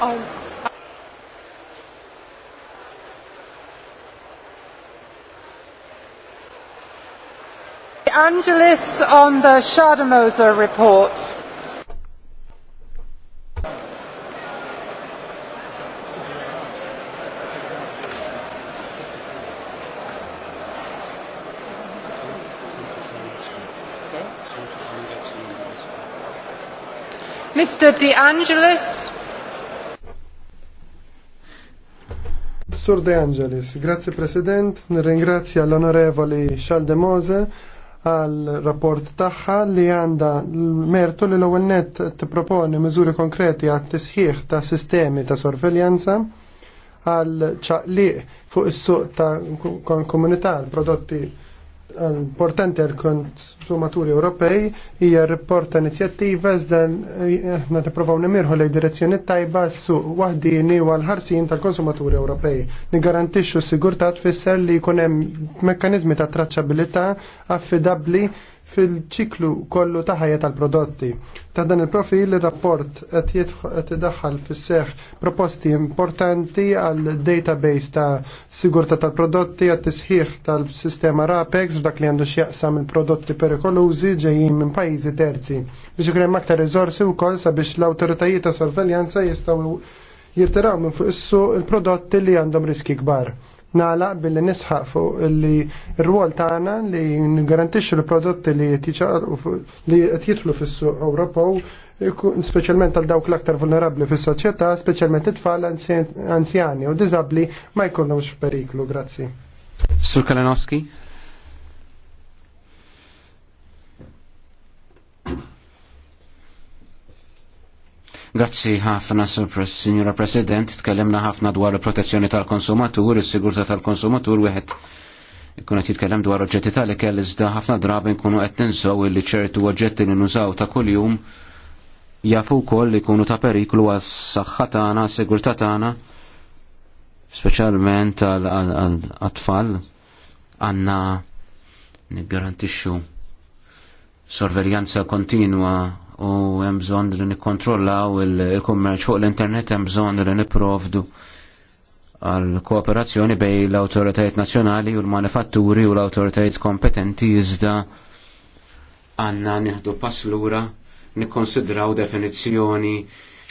on oh. Angelis on the Schademoser report. Mr. De Angelis. Sur De Angelis, Grazie President, nirringrazzja l-Onorevoli Xaldemose għal rapport tagħha li għandha l-mertu li l-ewwel t tipproponi mizuri konkreti għat tisħiħ ta' sistemi ta' sorveljanza għal ċaqliq fuq is-suq ta' komunità l-prodotti importanti għal konsumaturi Ewropej hija r inizjattiva iżda eh, aħna nippruvaw nimirħu lejn direzzjoni tajba suq waħdini u għal-ħarsin tal-konsumaturi Ewropej. Nigarantixxu s-sigurtà tfisser li jkun hemm mekkaniżmi ta' traċċabilità affidabbli fil-ċiklu kollu ta' ħajja tal-prodotti. Ta' dan il-profil il-rapport qed jidħal fis-seħ proposti importanti għal database ta' sigurta tal-prodotti għat tisħiħ tal-sistema RAPEX f'dak li għandu x'jaqsam il-prodotti perikolużi ġejjin minn pajjiżi terzi. Biex ikrem aktar riżorsi wkoll sabiex l-awtoritajiet ta' sorveljanza jistgħu jirtiraw minn fuq issu il-prodotti li għandhom riski kbar nala billi nisħaq fuq li r-rwol tagħna li ngarantixxu l-prodotti li li qed jidħlu fis-suq Ewropew speċjalment għal dawk l-aktar vulnerabbli fis-soċjetà, speċjalment it-tfal anzjani u diżabbli ma jkunux f'periklu. Grazzi. Sur Kalinowski. Grazzi ħafna, Signora President, tkellimna ħafna dwar il-protezzjoni tal-konsumatur, il-sigurta tal-konsumatur, wieħed ikun qed jitkellem dwar oġġetti tal-ikel iżda ħafna drabi nkunu qed ninsew li ċertu oġġetti li nużaw ta' kuljum jafu wkoll li jkunu ta' periklu għas-saħħa tagħna, sigurtà tagħna, speċjalment għal-atfal għandna niggarantixxu sorveljanza kontinwa u hemm bżonn li nikkontrollaw il-kummerċ fuq l-internet hemm bżonn li nipprovdu għal kooperazzjoni bej l-autoritajiet nazzjonali u l-manifatturi u l-autoritajiet kompetenti iżda għanna nieħdu pass lura nikkonsidraw definizzjoni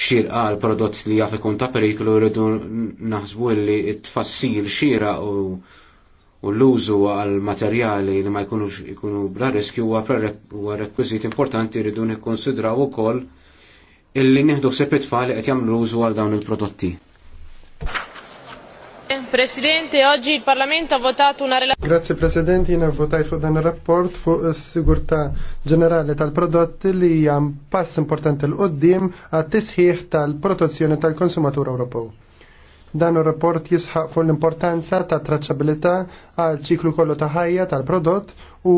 xirqa għal prodott li jaf ikun ta' periklu rridu naħsbu li t tfassil xira u u l-użu għal materjali li ma jkunux ikunu bla riskju huwa rekwiżit importanti rridu nikkonsidraw ukoll illi nieħdu ħseb it-tfal qed jagħmlu użu għal dawn il-prodotti. Presidente, oggi il Parlamento ha votato una relazione. Grazie Presidente, jina votajt fuq dan il-rapport fu eh, sigurtà ġenerali tal-prodotti li hija pass importanti l-qoddim għat-tisħiħ tal-protezzjoni tal-konsumatur Ewropew Dan il rapport jisħaq fuq l-importanza ta' traċċabilità għal ċiklu kollu ta' ħajja tal-prodott u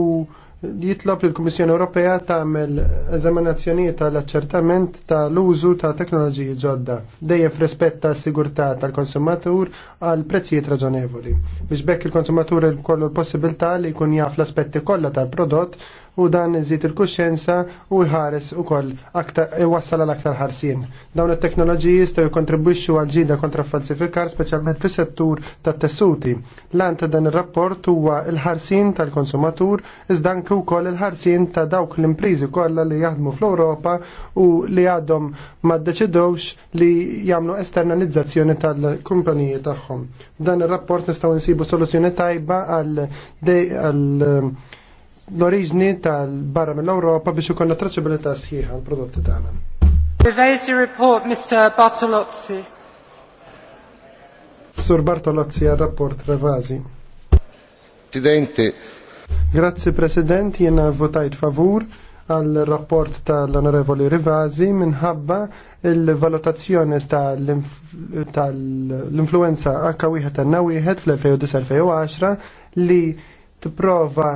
jitlob lill kummissjoni Ewropea tagħmel eżaminazzjonijiet tal-aċċertament tal-użu ta' teknoloġiji ġodda dejjem f'rispett ta' sigurtà tal-konsumatur għal prezzijiet raġonevoli. Biex bekk il-konsumatur kollu l-possibilità li jkun jaf l-aspetti kollha tal-prodott u dan iżid il-kuxjenza u jħares ukoll aktar iwassal e għal aktar ħarsien. Dawn it-teknoloġiji jistgħu jikkontribwixxu għal ġida kontra falsifikar speċjalment fis-settur tat-tessuti. l ta' dan ir-rapport huwa l ħarsin tal-konsumatur iżda anke wkoll il ħarsin ta' dawk l-imprizi kollha li jaħdmu fl-Ewropa u li għadhom ma ddeċidewx li jagħmlu esternalizzazzjoni tal-kumpaniji tagħhom. Dan ir-rapport nistgħu nsibu soluzzjoni tajba għal l-oriġni tal-barra mill-Ewropa biex ikonna traċabilità sħiħa l-prodotti tagħna. report Mr. Bartolozzi. Sur Bartolozzi għal rapport Revasi. Presidente. Grazie President, jena votajt favur għal rapport tal-Onorevoli Rivasi minħabba il-valutazzjoni tal-influenza H1N1 fl-2010 li t-prova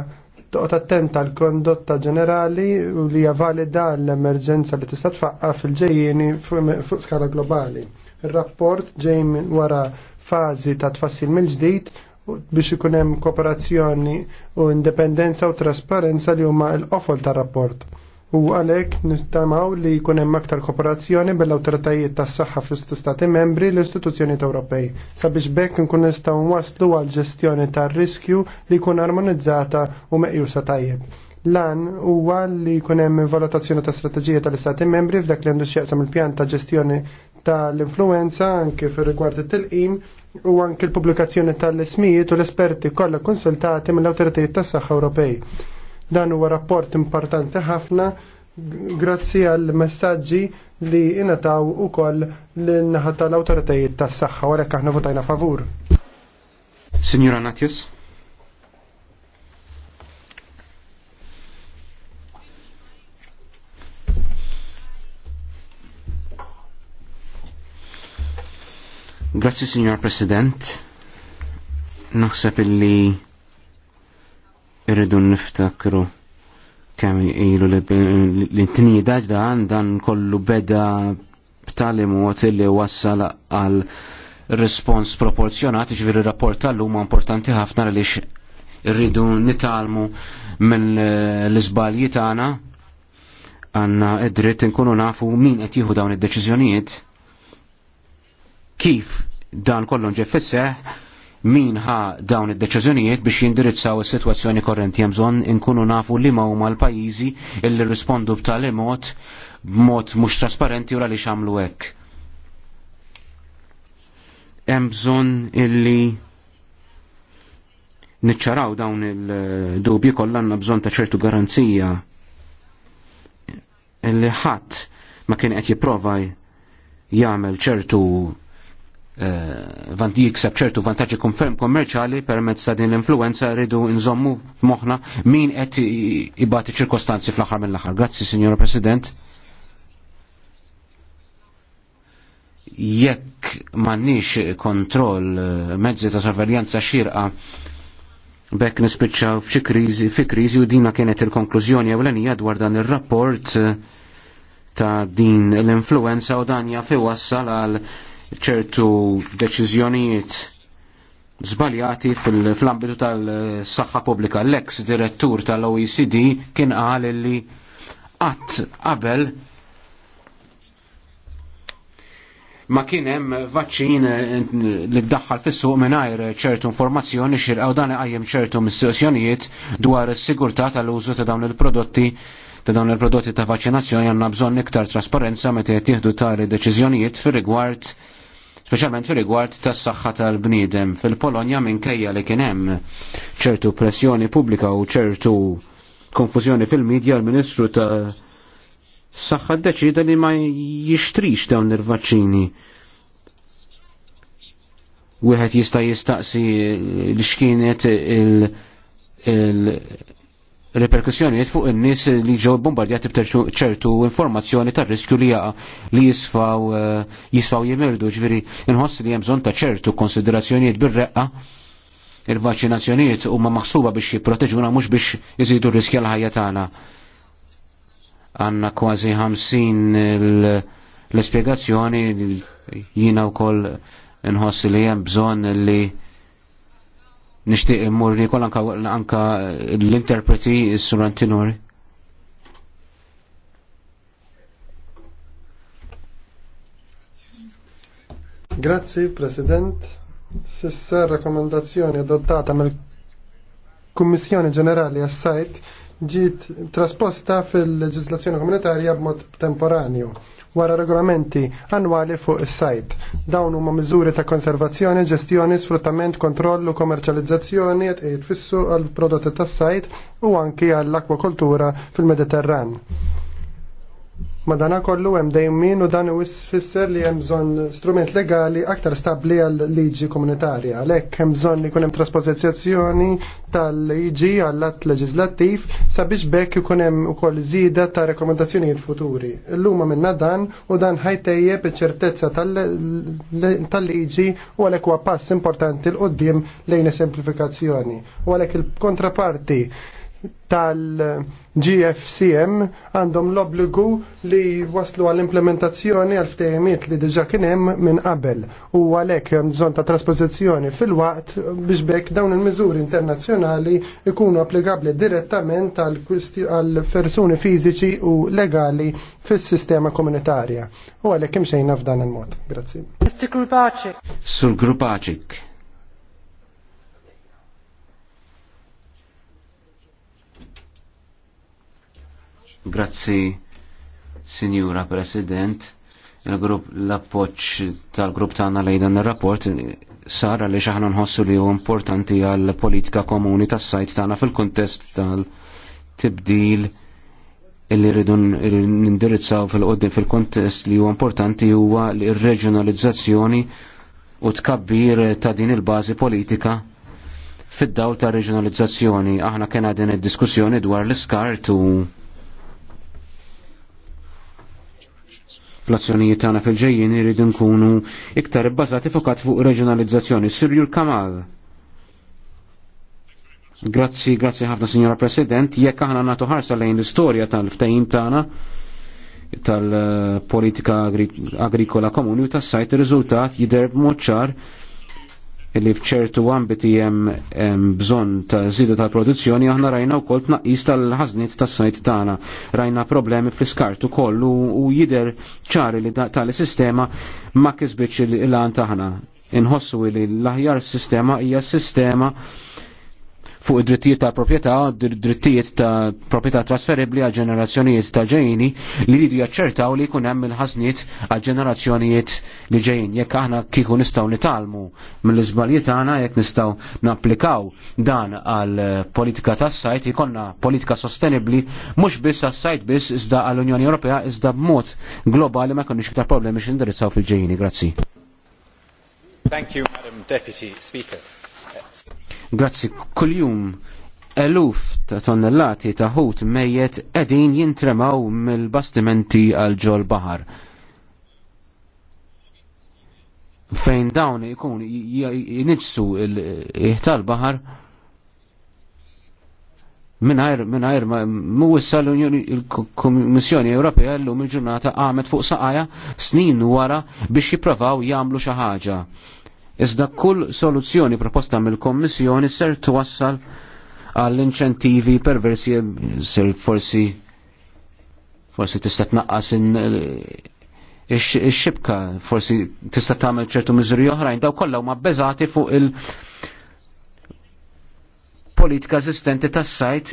toqgħod attenta l kondotta ġenerali u li hija valida l-emerġenza li tista' tfaqqa fil-ġejjieni fuq skala globali. Ir-rapport ġej wara fażi ta' tfassil mill-ġdid biex ikun hemm kooperazzjoni u indipendenza u trasparenza li huma l-qofol tar-rapport. U għalek nittamaw li jkunem aktar kooperazzjoni bil ta' tas saħħa fl-istati membri l-istituzzjoni Ewropej sabiex bekk nkun nistgħu waslu għal ġestjoni tar-riskju li jkun armonizzata u meqjusa tajjeb. Lan huwa li jkun hemm valutazzjoni ta' strateġija tal-istati membri f'dak li għandu x'jaqsam il-pjan ta' ġestjoni tal-influenza anke fir-rigward it-tilqim u anke l-pubblikazzjoni tal-ismijiet u l-esperti kollha konsultati mill-awtoritajiet tas-saħħa Ewropej Dan huwa rapport importanti ħafna grazzi għal messaġġi li inataw ukoll l-naħa tal-awtoritajiet tas-saħħa għalhekk aħna votajna favur. Signora Natjus? Grazzi, Signor President. Naħseb illi irridu niftakru kemm ilu l-intnida dan dan kollu beda b'tali mod li wassal għal respons proporzjonat, ġviri rapport tal-lum importanti ħafna għaliex irridu nitalmu mill l-izbalji tagħna għanna id-dritt nkunu nafu min qed jieħu dawn id-deċiżjonijiet kif dan kollu ġe min ħa dawn id-deċiżjonijiet biex jindirizzaw is-sitwazzjoni korrenti hemm bżonn inkunu nafu li ma huma l-pajjiżi illi rispondu b'tali mod b'mod mhux trasparenti u għaliex għamlu hekk. Hemm bżonn illi niċċaraw dawn il-dubji kollha għandna bżonn ta' ċertu garanzija illi ħadd ma kien qed jipprova jagħmel ċertu Eh, jikseb ċertu vantaġġi konferm kommerċali permezz ta' din l-influenza rridu nżommu f'moħħna min qed ibati ċirkostanzi fl-aħħar mill-aħħar. Grazzi, Signora President. Jekk m'għandniex kontroll eh, mezzi ta' sorveljanza xirqa bekk nispiċċaw f'xi kriżi fi kriżi u dina kienet il-konklużjoni ewlenija dwar dan ir-rapport eh, ta' din l-influenza u dan fi wassal għal ċertu deċiżjonijiet zbaljati fil-ambitu tal-saxħa pubblika. L-ex direttur tal-OECD kien għal li qatt qabel ma kien hemm vaċċin li ddaħħal fis-suq mingħajr ċertu informazzjoni xirqaw dan qajjem ċertu mistoqsjonijiet dwar is-sigurtà tal-użu ta' dawn il-prodotti ta' dawn il-prodotti ta' vaċċinazzjoni għandna bżonn iktar trasparenza meta qed jieħdu tali deċiżjonijiet fir-rigward speċjalment fil rigward tas saħħa tal-bniedem. Fil-Polonja minkejja li kien hemm ċertu pressjoni pubblika u ċertu konfużjoni fil-medja l-Ministru ta' saħħa ddeċida li ma jixtrix dawn il-vaċċini. Wieħed jista' jistaqsi li x'kienet il-, il reperkussjonijiet fuq in-nies li ġew bombardjati b'ċertu informazzjoni tar riskju li jaqa li jisfaw eh, jisfaw jimirdu ġviri inħoss li hemm bżonn ta' ċertu konsiderazzjonijiet bir-reqqa il-vaċinazzjonijiet huma maħsuba biex jipproteġuna mhux biex iżidu r-riskja l-ħajja tagħna. Għanna kważi 50 l-espjegazzjoni jiena wkoll inħoss li hemm bżonn li Nixtieq immur li kol anka l-interpreti s-surantinori. Grazzi, President. Sissa rekomendazzjoni adottata mill kummissjoni Ġenerali għas-Sajt ġiet trasposta fil-leġislazzjoni komunitarja b'mod temporanju wara regolamenti annwali fuq is-sajt. Dawn huma miżuri ta' konservazzjoni, ġestjoni, sfruttament, kontrollu, komerċjalizzazzjoni qed jitfissu għall prodotti tas-sajt u anki għall-akwakultura fil-Mediterran. Madana kollu hemm min u dan fisser li hemm bżonn strument legali aktar stabbli għal liġi komunitarja. Għalhekk hemm bżonn li jkun hemm trasposizzjoni tal-liġi għall att leġislattiv sabiex bekk ikun hemm ukoll żieda ta' rekomendazzjonijiet futuri. Illuma minna dan u dan ħajtejjeb iċ-ċertezza tal-liġi u għalhekk huwa pass importanti l qudiem lejn is-semplifikazzjoni. U għalhekk il-kontraparti tal-GFCM għandhom l-obligu li waslu għall-implementazzjoni għal ftehimiet li diġa kien hemm minn qabel u għalhekk hemm bżonn ta' traspożizzjoni fil-waqt biex bekk dawn il-miżuri internazzjonali ikunu applikabbli direttament għal persuni fiżiċi u legali fis-sistema komunitarja. U għalhekk imxejna f'dan il-mod. Grazzi. Mr. Grupacic. Sur Grupacik. Grazzi, Signora President. Il-grupp l-appoċ tal-grupp tagħna lejn dan ir-rapport sar li aħna nħossu li huwa importanti għal politika komuni tas-sajt tagħna fil-kuntest tal-tibdil illi rridu nindirizzaw fil-qoddim fil-kontest li huwa importanti huwa l-reġjonalizzazzjoni u tkabbir ta' din il-bażi politika fid-dawl ta' reġjonalizzazzjoni. Aħna kien din id-diskussjoni dwar l-iskart u Fl-azzjonijiet tagħna fil-ġejjin irid nkunu iktar bbażati fokat fuq reġjonalizzazzjoni. Sirjul Kamal. Grazzi, grazzi ħafna Sinjora President, jekk aħna nagħtu ħarsa lejn l-istorja tal-ftehim tagħna tal-politika agrikola komuni u tas-sajt ir-riżultat jidher b'mod ċar li fċertu għambiti jem bżon ta' zida ta' produzzjoni, aħna rajna u kol tnaqis tal-ħaznit ta' sajt tana. Rajna problemi fl-iskartu kollu u jider ċari li tal-sistema ma' kisbiċ il għan taħna. Inħossu li l-aħjar sistema hija sistema, -sistema fuq id-drittijiet tal proprjetà drittijiet ta' proprjetà trasferibbli għal ġenerazzjonijiet ta' ġejjini li jridu jaċċertaw li jkun hemm il-ħażniet għal ġenerazzjonijiet li ġejjin. Jekk aħna kieku nistgħu nitalmu mill iżbalji tagħna jekk nistgħu napplikaw dan għal politika tas-sajt ikonna politika sostenibbli mhux biss għas-sajt biss iżda għall-Unjoni Ewropea iżda b'mod globali ma jkunx iktar problemi x'indirizzaw fil-ġejjini. Grazzi. Thank you, Madam Deputy Speaker. Grazzi kuljum eluf ta' tonnellati ta' ħut mejjet edin jintremaw mill-bastimenti għal ġol bahar. Fejn dawn ikun jinġsu il-ħtal bahar minnajr minnajr mu wissa l komissjoni Ewropea l-lum il-ġurnata għamet fuq saqaja snin wara biex jipravaw jamlu xaħġa. Iżda kull soluzzjoni proposta mill-Kommissjoni ser twassal għall-inċentivi perversi ser forsi forsi tista' tnaqqas ix-xibka, forsi tista' tagħmel ċertu miżuri oħrajn, daw kollha huma bbeżati fuq il politika esistenti tas-sajt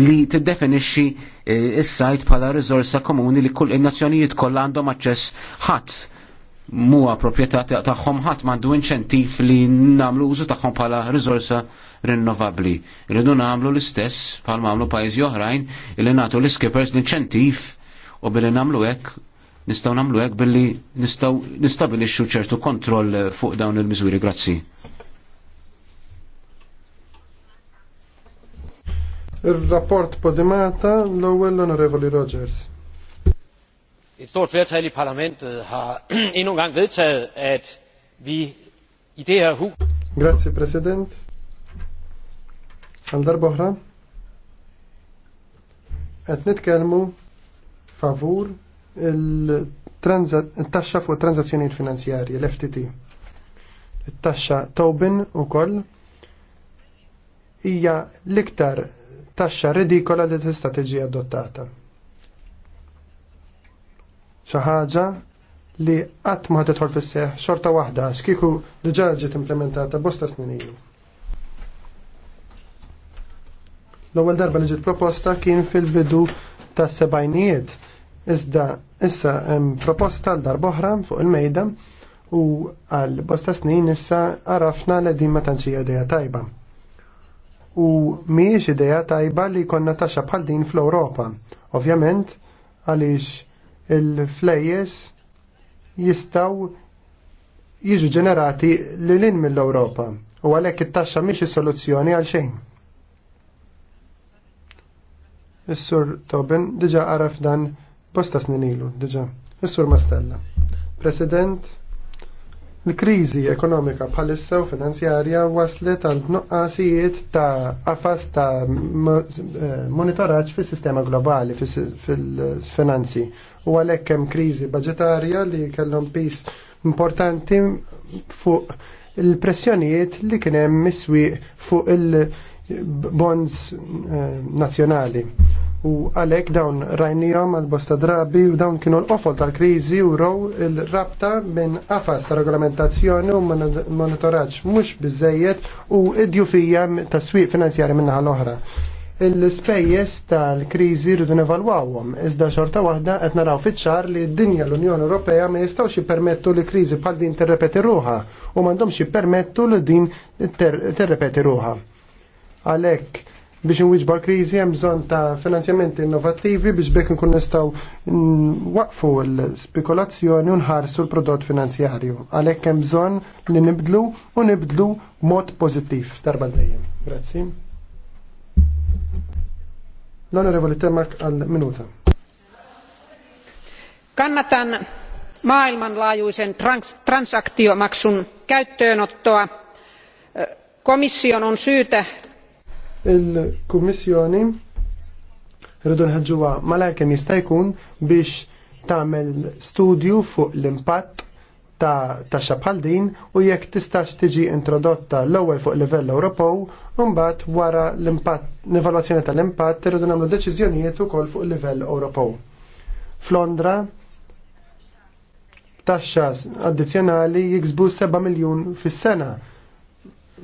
li tiddefinixxi eh, is-sajt bħala riżorsa komuni li kull in-nazzjonijiet kollha għandhom aċċess ħadd muwa proprjetà tagħhom ħadd m'għandu inċentiv li nagħmlu użu tagħhom bħala riżorsa rinnovabbli. Irridu nagħmlu l-istess bħal għamlu pajjiżi oħrajn illi nagħtu l-skippers l-inċentiv u billi nagħmlu hekk nistgħu nagħmlu hekk billi nistgħu nistabilixxu ċertu kontroll fuq dawn il-miżuri. Grazzi. Ir-rapport Podimata l-ewwel l-Onorevoli Rogers et stort flertal i parlamentet har endnu en gang vedtaget, at vi i det her hus... Grazie, President. Bohra. Et net nitkelmu favor il-taxxa fuq transazzjonijiet finanzjarji, l-FTT. Il-taxxa Tobin u koll ija l-iktar taxxa ridikola li tista' tiġi adottata xi ħaġa li qatt ma ħadet fis seħħ xorta waħda x'kieku diġà ġiet implementata bosta snin ilu. L-ewwel darba li ġiet proposta kien fil-bidu ta' sebajnijiet iżda issa hemm proposta l darboħra fuq il-mejda u għal bosta snin issa arafna li din ma tantx idea tajba. U mhijiex idea tajba li jkollna taxxa bħal din fl-Ewropa. Ovvjament għaliex il-flejjes jistaw jiġu ġenerati l-lin mill-Europa u għalhekk it-taxxa mhix is-soluzzjoni għal xejn. Is-Sur Tobin diġà għaraf dan bosta snin ilu diġà. Is-Sur Mastella. President L-kriżi ekonomika bħalissa u finanzjarja waslet għal nuqqasijiet ta' qafas ta' eh, monitoraġġ fis-sistema globali fil-finanzi u għalhekk hemm kriżi budġetarja li kellhom pis importanti fuq il-pressjonijiet li kien hemm miswi fuq il-bonds eh, nazzjonali u għalek dawn rajnijom għal-bosta drabi u dawn kienu l-qofol tal-krizi u row il-rabta minn għafas ta' regolamentazzjoni u monitoraċ mux bizzejiet u id-jufija ta' swiq finanzjari minna l-oħra. Il-spejjes tal-krizi rridu nevalwawhom, iżda xorta waħda qed naraw fiċ-ċar li d-dinja l-Unjoni Ewropea ma jistgħux jippermettu li kriżi bħal din terrepeti ruha u m'għandhomx jippermettu li din terrepeti ruha. Għalhekk biex nwiġba l krizi hemm bżonn ta' finanzjamenti innovattivi biex bekk nkun nistgħu waqfu l-spekulazzjoni u nħarsu l-prodott finanzjarju. Għalhekk hemm bżonn li nibdlu u nibdlu mod pożittiv darba dejjem. Grazzi. L-Onorevoli Temak għal minuta. Kannatan maailmanlaajuisen trans transaktiomaksun käyttöönottoa. Komission on syytä il-Kummissjoni rridu nħadġuwa malajkem jista' jkun biex tagħmel studju fuq l-impatt ta' ta' bħal din u jekk tistax tiġi introdotta l-ewwel fuq livell Ewropew mbagħad wara l-impatt l-evalwazzjoni tal-impatt irridu nagħmlu deċiżjonijiet ukoll fuq livell Ewropew. Flondra taxxa addizzjonali jiksbu 7 miljun fis-sena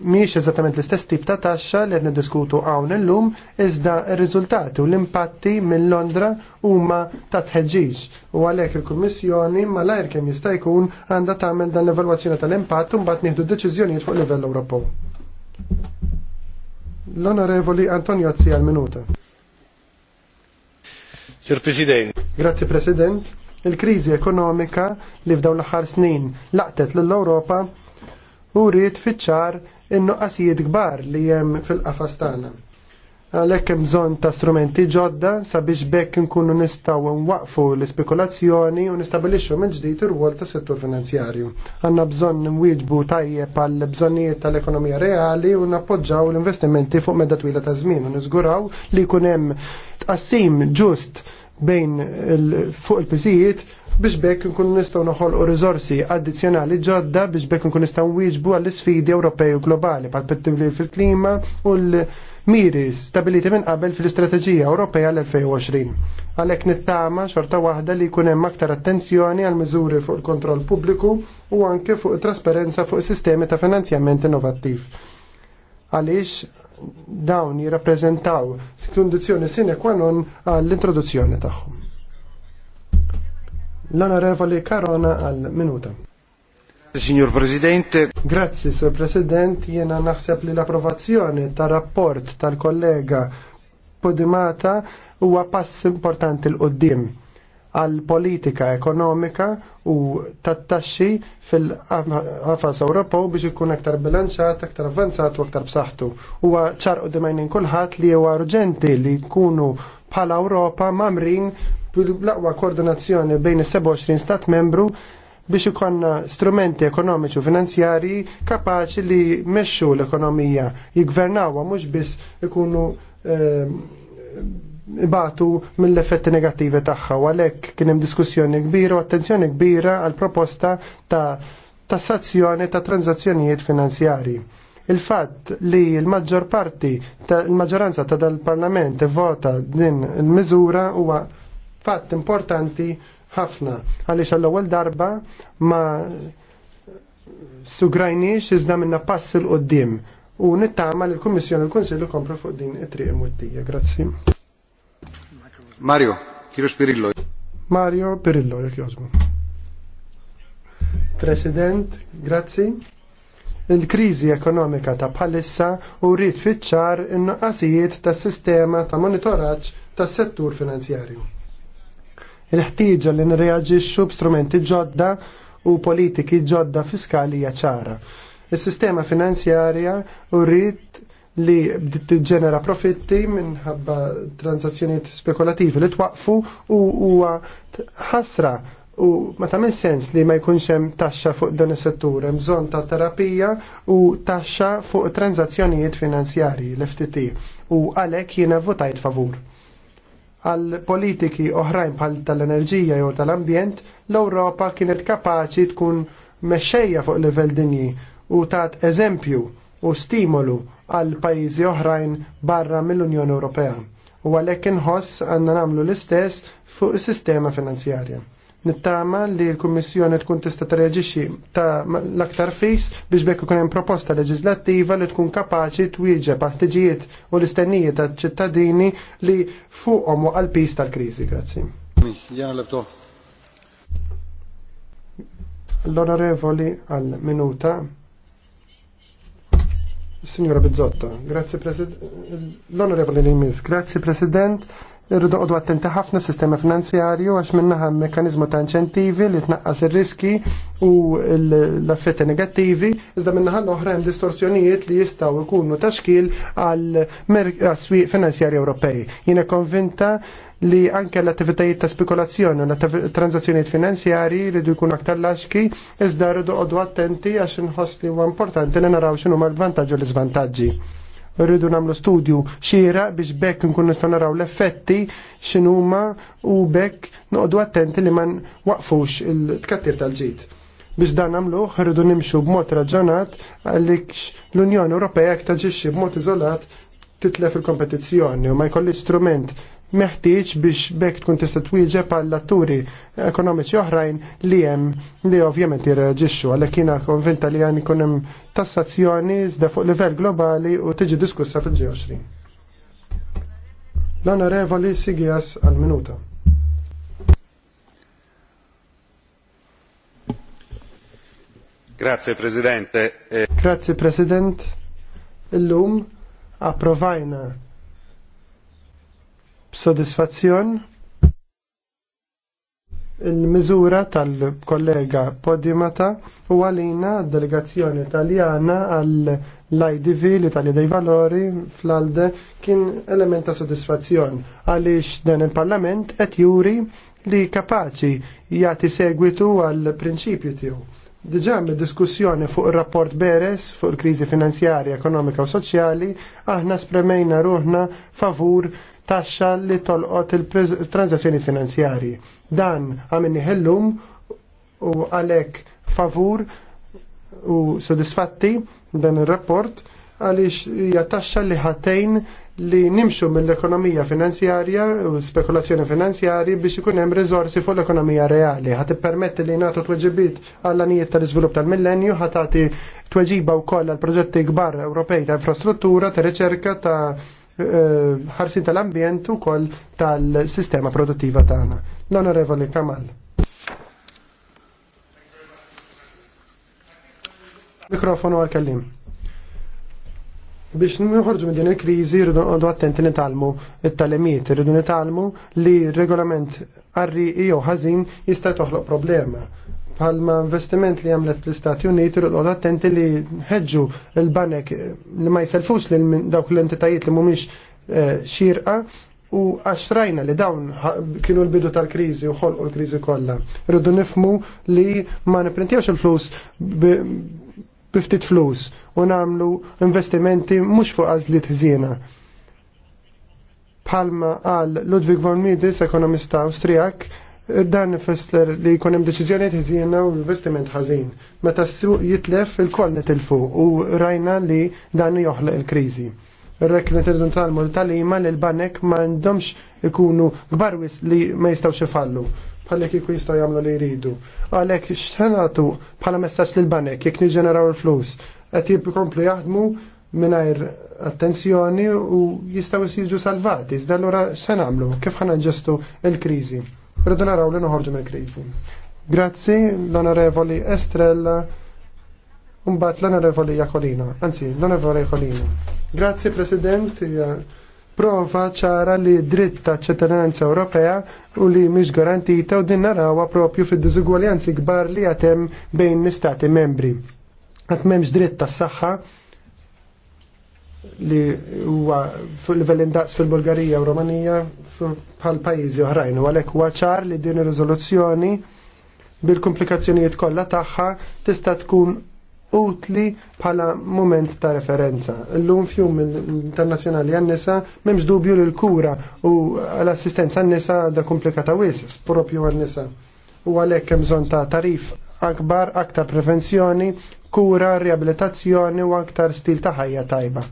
miex eżattament l-istess tip ta' taxxa li qed niddiskutu hawn illum, iżda r-riżultati u l-impatti minn Londra huma ta' tħeġġiġ. U għalhekk il-Kummissjoni malajr kemm jista' jkun għandha tagħmel dan l-evalwazzjoni tal-impatt u mbagħad nieħdu deċiżjonijiet fuq livell Ewropew. L-Onorevoli Antonio Zzi għal minuta. Sir President. Grazie President. Il-kriżi ekonomika li f'dawn l-aħħar snin laqtet lill-Ewropa u rrit fiċċar in-nuqqasijiet kbar li hemm fil-qafas tagħna. Għalhekk hemm bżonn ta' strumenti ġodda sabiex bekk nkunu nistgħu nwaqfu l-ispekulazzjoni u nistabilixxu minn ġdid ir-rwol tas-settur finanzjarju. Għanna bżonn nwieġbu tajjeb għall bżonnijiet tal-ekonomija reali u nappoġġaw l-investimenti fuq medda twila ta' żmien u niżguraw li jkun hemm tqassim ġust bejn fuq il pizijiet biex bekk nkun nistgħu noħolqu rizorsi addizzjonali ġodda biex bekk nkun nistgħu wieġbu għall-isfidi Ewropej u globali bħal fil-klima u l- miri stabiliti minn qabel fil-Istrateġija Ewropea l-2020. Għalhekk nittama xorta waħda li jkun hemm aktar attenzjoni għal miżuri fuq il-kontroll pubbliku u anke fuq trasparenza fuq sistemi ta' finanzjament innovattiv. Għaliex dawn jirrappreżentaw kundizzjoni sine qua non għall-introduzzjoni tagħhom. L-onorevoli Karona għal minuta. Signor Presidente. Grazzi, Sir President. Jena naħseb li l-approvazzjoni tar rapport tal-kollega Podimata huwa pass importanti l-qoddim għal politika ekonomika u tat-taxxi fil-qafas Ewropew biex ikun aktar bilanċat, aktar avvanzat u aktar b'saħħtu. Huwa ċar dimajnin kulħadd li huwa urġenti li jkunu bħala Ewropa mamrin bl aqwa koordinazzjoni bejn is-27 stat membru biex ikonna strumenti ekonomiċi u finanzjari kapaċi li mexxu l-ekonomija, jigvernawha mhux biss ikunu eh, ibatu mill-effetti negattivi tagħha u għalhekk kien hemm diskussjoni kbira u attenzjoni kbira għal proposta ta' tassazzjoni ta' tranzazzjonijiet finanzjarji. Il-fatt li l-maġġor parti, l-maġġoranza ta' dal-Parlament vota din il-miżura huwa fatt importanti ħafna għaliex għall-ewwel darba ma sugrajniex iżda minna pass il qoddim u nittama l-Kummissjoni l-Kunsillu kompra fuq din it-triq imwittija. Grazzi. Mario, kirux Pirillo. Mario Pirillo, jek President, grazzi. Il-krizi ekonomika ta' bħalissa u rrit fitxar in-nuqqasijiet ta' sistema ta' monitoraċ tas settur finanzjarju. Il-ħtieġa li nreaġixxu b'strumenti ġodda u politiki ġodda fiskali hija ċara. Is-sistema finanzjarja u rrit li bdiet ġenera profitti minħabba transazzjonijiet spekulativi li twaqfu u huwa ħasra u ma tagħmel sens li ma jkunx hemm taxxa fuq dan is-settur, hemm bżonn ta' terapija u taxxa fuq transazzjonijiet finanzjarji l-FTT u għalhekk jiena votajt favur għal politiki oħrajn bħal tal-enerġija jew tal-ambjent, l-Ewropa kienet kapaċi tkun mexxejja fuq livell dinji u tat eżempju u stimolu għal pajjiżi oħrajn barra mill-Unjoni Ewropea u għalhekk inħoss għandna nagħmlu l-istess fuq is-sistema finanzjarja. Nittama li l-Kummissjoni tkun tista' tareġixxi ta' l-aktar fis biex bekk ikun hemm proposta leġislattiva li tkun kapaċi twieġeb ħtiġijiet u l-istennijiet tal-ċittadini li fuqhom u pis tal-kriżi. Grazzi. L-onorevoli għal-minuta Signora Bizzotta, grazie l-onorevoli Limis, grazie President. Irridu għodu attenti ħafna sistema finanzjarju għax minnaħa mekanizmu ta' inċentivi li tnaqqas ir-riski u l-affetti negattivi, iżda minna l-oħra hemm distorsjonijiet li jistgħu jkunu taxkil għal swieq finanzjarji Ewropej. Jiena konvinta li anke l-attivitajiet ta' spekulazzjoni u l-transazzjonijiet finanzjari ridu jkunu aktar laxki, iżda rridu qodu attenti għax inħoss li huwa importanti li naraw x'inhu l-vantaġġi u l-iżvantaġġi. Rridu nagħmlu studju xira biex bekk nkun nistgħu naraw l-effetti x'inhuma u bekk noqogħdu attenti li ma waqfux il-tkattir tal-ġid. Biex dan nagħmluh rridu nimxu b'mod raġunat għalikx l-Unjoni Ewropea taġixxi b'mod iżolat titlef il-kompetizzjoni u ma jkollix strument meħtieġ biex bekk tkun tista' twieġeb għall atturi ekonomiċi oħrajn li hemm li ovvjament jirreġixxu għalhekk jiena konvinta li għan ikun hemm tassazzjoni iżda fuq livell globali u tiġi diskussa fil-G20. L-Onorevoli Sigijas għal-minuta. Grazie Presidente. Eh, Grazie President. Illum approvajna b'sodisfazzjon il-miżura tal-kollega Podimata u għalina delegazzjoni taljana għall-IDV l-Italja dei Valori fl-Alde kien element ta' soddisfazzjon għaliex dan il-Parlament qed juri li kapaċi jagħti segwitu għall-prinċipju tiegħu. Diġa diskussjoni fuq il-rapport Beres fuq il-krizi finanzjarja, ekonomika u soċjali, aħna spremejna ruħna favur taxxa li tolqot il-transazzjoni finanzjarji. Dan għamilni ħellum u għalek favur u sodisfatti dan il-rapport għalix hija taxxa li ħatejn li nimxu mill-ekonomija finanzjarja u spekulazzjoni finanzjarji biex ikun hemm riżorsi fuq l-ekonomija reali. Ħat ippermetti li nagħtu tweġibiet għall anijiet tal-iżvilupp tal-millenju, ħat tagħti tweġiba wkoll għal proġetti kbar Ewropej ta' infrastruttura, ta' riċerka, ta' Eh, ħarsin tal-ambjent u koll tal-sistema produttiva tagħna. L-Onorevoli Kamal. Mikrofonu għal-kellim. Biex nħorġu minn din il-krizi rridu attenti nitalmu il talemiet rridu nitalmu li regolament arri jew ħażin jista' toħloq problema bħalma investiment li għamlet l-Istati Uniti rqod attenti li ħeġġu l-banek li ma jselfux lil dawk l-entitajiet li mhumiex eh, xirqa u għaxrajna li dawn kienu l-bidu tal-krizi u ħolqu l-krizi kollha. Rridu nifmu li ma nipprintjawx il-flus biftit flus u namlu investimenti mhux fuq għażliet ħżiena. Palma għal Ludwig von Mides, ekonomista Awstrijak, Dan ifisser li jkun hemm deċiżjonijiet ħażina u investiment ħażin. Meta s-suq jitlef il-koll nitilfu u rajna li dan joħloq il-kriżi. Rek nitildu talmu tal-ima li l-banek ma għandhomx ikunu gbarwis li ma jistgħux ifallu bħalek jiku jistaw jamlu li jridu. Għalek xħanatu bħala messaċ li l-banek, jek niġeneraw il-flus, għet jibkomplu jaħdmu minnajr attenzjoni u jistaw jsiru salvati. Zdallura nagħmlu kif ħana ġestu il-krizi rridu naraw li noħorġu mill-kriżi. Grazzi l-Onorevoli Estrella Umbat l-Onorevoli Jakolina, anzi l-Onorevoli Jakolina. Grazzi President, prova ċara li dritt ta' ċittadinanza Ewropea u li mhix garantita u din rawa propju fid-diżugwaljanzi kbar li għatem bejn l-istati membri. Għat memx dritt tas li huwa fil livell indaqs fil-Bulgarija u Romanija bħal pajjiżi oħrajn u għalhekk huwa ċar li din ir-riżoluzzjoni bil-komplikazzjonijiet kollha tagħha tista' tkun utli bħala moment ta' referenza. L-lum fjum internazjonali għannisa memx dubju l-kura u l-assistenza għannisa da komplikata wis, propju għannisa. U għalek kemżon ta' tarif akbar, aktar prevenzjoni, kura, riabilitazzjoni u aktar stil ta' ħajja tajba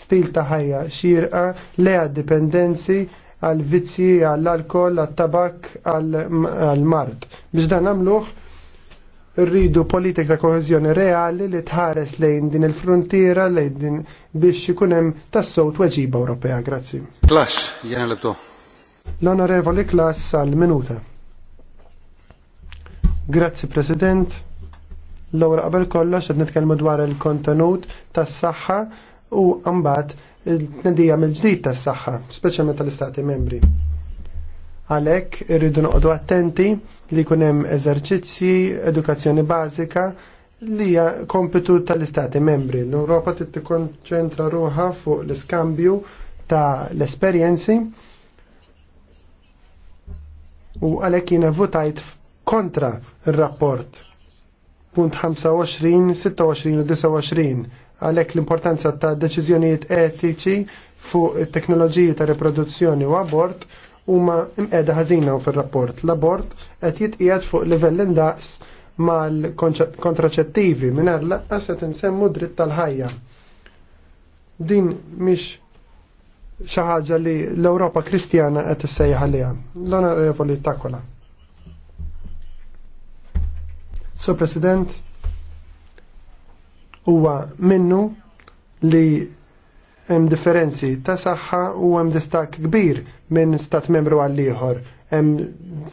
stil ta' ħajja xirqa, leha dipendenzi, għal vizzi, għall alkoll għal tabak, għal mart. Biex dan għamluħ rridu politika ta' koheżjoni reali li tħares lejn din il-frontiera lejn din biex ikun hemm tas-sowt tweġiba Ewropea. Grazzi. Klas, jena l L-onorevoli klas għal-minuta. Grazzi President. L-ewwel qabel kollox qed nitkellmu dwar il-kontenut tas-saħħa u mbagħad il-tnedija mill-ġdid tas-saħħa, speċjalment tal-Istati membri. Għalhekk irridu noqogħdu attenti li jkun hemm eżerċizzji, edukazzjoni bażika li hija kompitu tal-Istati membri. L-Ewropa trid tikkonċentra ruħa fuq l-iskambju ta' l-esperjenzi u għalhekk jina votajt kontra r-rapport punt 25, 26 u 29 għalhekk l-importanza ta' deċiżjonijiet etiċi fuq it-teknoloġiji ta' reproduzzjoni u abort huma imqeda ħażina fir-rapport. L-abort qed jitqiegħed fuq livell indaqs mal-kontraċettivi mingħajr laqqas qed insemmu dritt tal-ħajja. Din mhix xi ħaġa li l-Ewropa Kristjana qed issejjaħ għaliha. L-onorevoli takola. So President, Huwa minnu li hemm differenzi ta' saħħa u hemm distak kbir minn stat membru għal ieħor. Hemm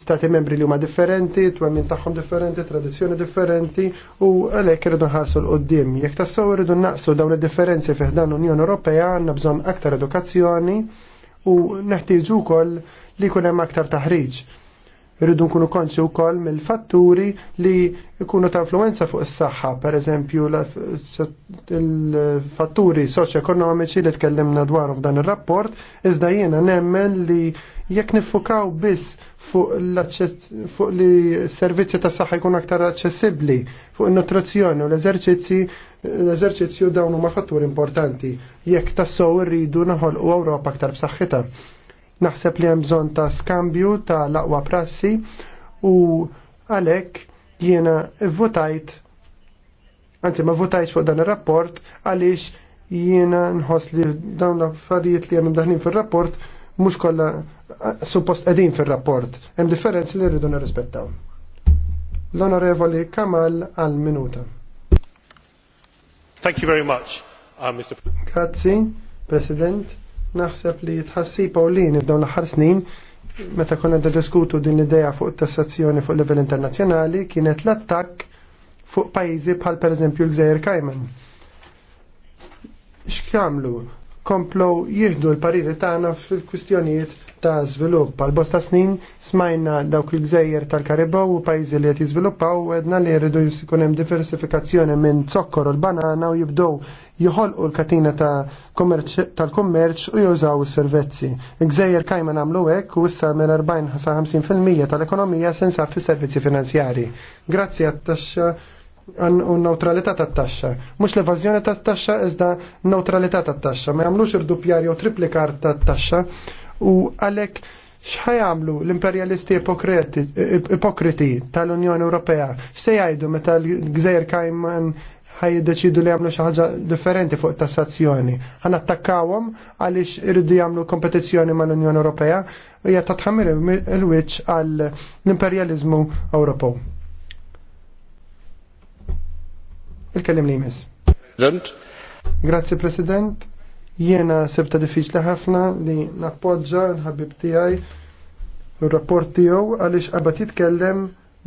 stati membri li huma differenti, twemmin tagħhom differenti, tradizzjoni differenti u għalhekk irridu nħarsu l-qudiem. Jekk tassew irridu naqsu dawn id-differenzi fih dan l-Unjoni Ewropea għandna bżonn aktar edukazzjoni u neħtieġu wkoll li jkun hemm aktar taħriġ Irridu nkunu konxi wkoll mill-fatturi li jkunu ta' influenza fuq is-saħħa, pereżempju il-fatturi ekonomiċi li tkellimna dwar dan ir-rapport, iżda jiena nemmen li jekk niffukaw biss fuq, fuq li servizzi tas saħħa jkunu aktar aċċessibbli, fuq in-nutrizzjoni u l-eżerċizzi, l-eżerċizzju dawn huma fatturi importanti jekk tassew irridu naħolqu Ewropa aktar b'saħħitha. Naħseb li hemm bżonn ta' skambju ta' laqwa prassi u għalhekk jiena votajt anzi ma votajt fuq dan ir-rapport għaliex jiena nħoss li dawn l-affarijiet li hemm daħlin fir-rapport mhux kollha suppost qegħdin fir-rapport. Hemm differenzi li rridu nirrispettaw. L-Onorevoli Kamal għal minuta. Thank you very much, uh, Mr. Grazzi, President naħseb li tħassib Pawlin f'dawn l-aħħar snin meta konna diskutu din l-idea fuq tassazzjoni fuq livell internazzjonali kienet l-attakk fuq pajjiżi bħal pereżempju l-Gżejjer Kajman. X'kamlu? Komplow jieħdu l-pariri tagħna fil-kwistjonijiet ta' żvilupp għal bosta snin smajna dawk il-gżejjer tal-Karibaw u pajjiżi li qed jiżviluppaw u għedna li jridu jisikunem hemm diversifikazzjoni minn zokkor u l-banana u jibdew joħolqu l-katina tal-kummerċ u jużaw is-servizzi. Gżegjer gżejjer kajma nagħmlu hekk u issa minn 40 50% tal-ekonomija sensa fis-servizzi finanzjari. Grazzi għat-taxxa u neutralità tat taxxa. Mhux l-evażjoni tat taxxa iżda neutralità tat taxxa. Ma jagħmlux irdupjar jew triplikar tat taxxa u għalek xħajamlu l-imperialisti ipokriti tal-Unjoni Ewropea? Se jgħidu meta l-Gżejjer Kajman deċidu li jagħmlu xi ħaġa differenti fuq tassazzjoni. attakkawom għalix għaliex iridu jagħmlu kompetizzjoni mal-Unjoni Ewropea u hija il-wiċċ għall l-imperjaliżmu Ewropew. Il-kellim li jmiss. Grazzi President. Jiena sebta diffiċli ħafna li nappoġġa l-ħabib tiegħi r-rapport tiegħu għaliex qabad jitkellem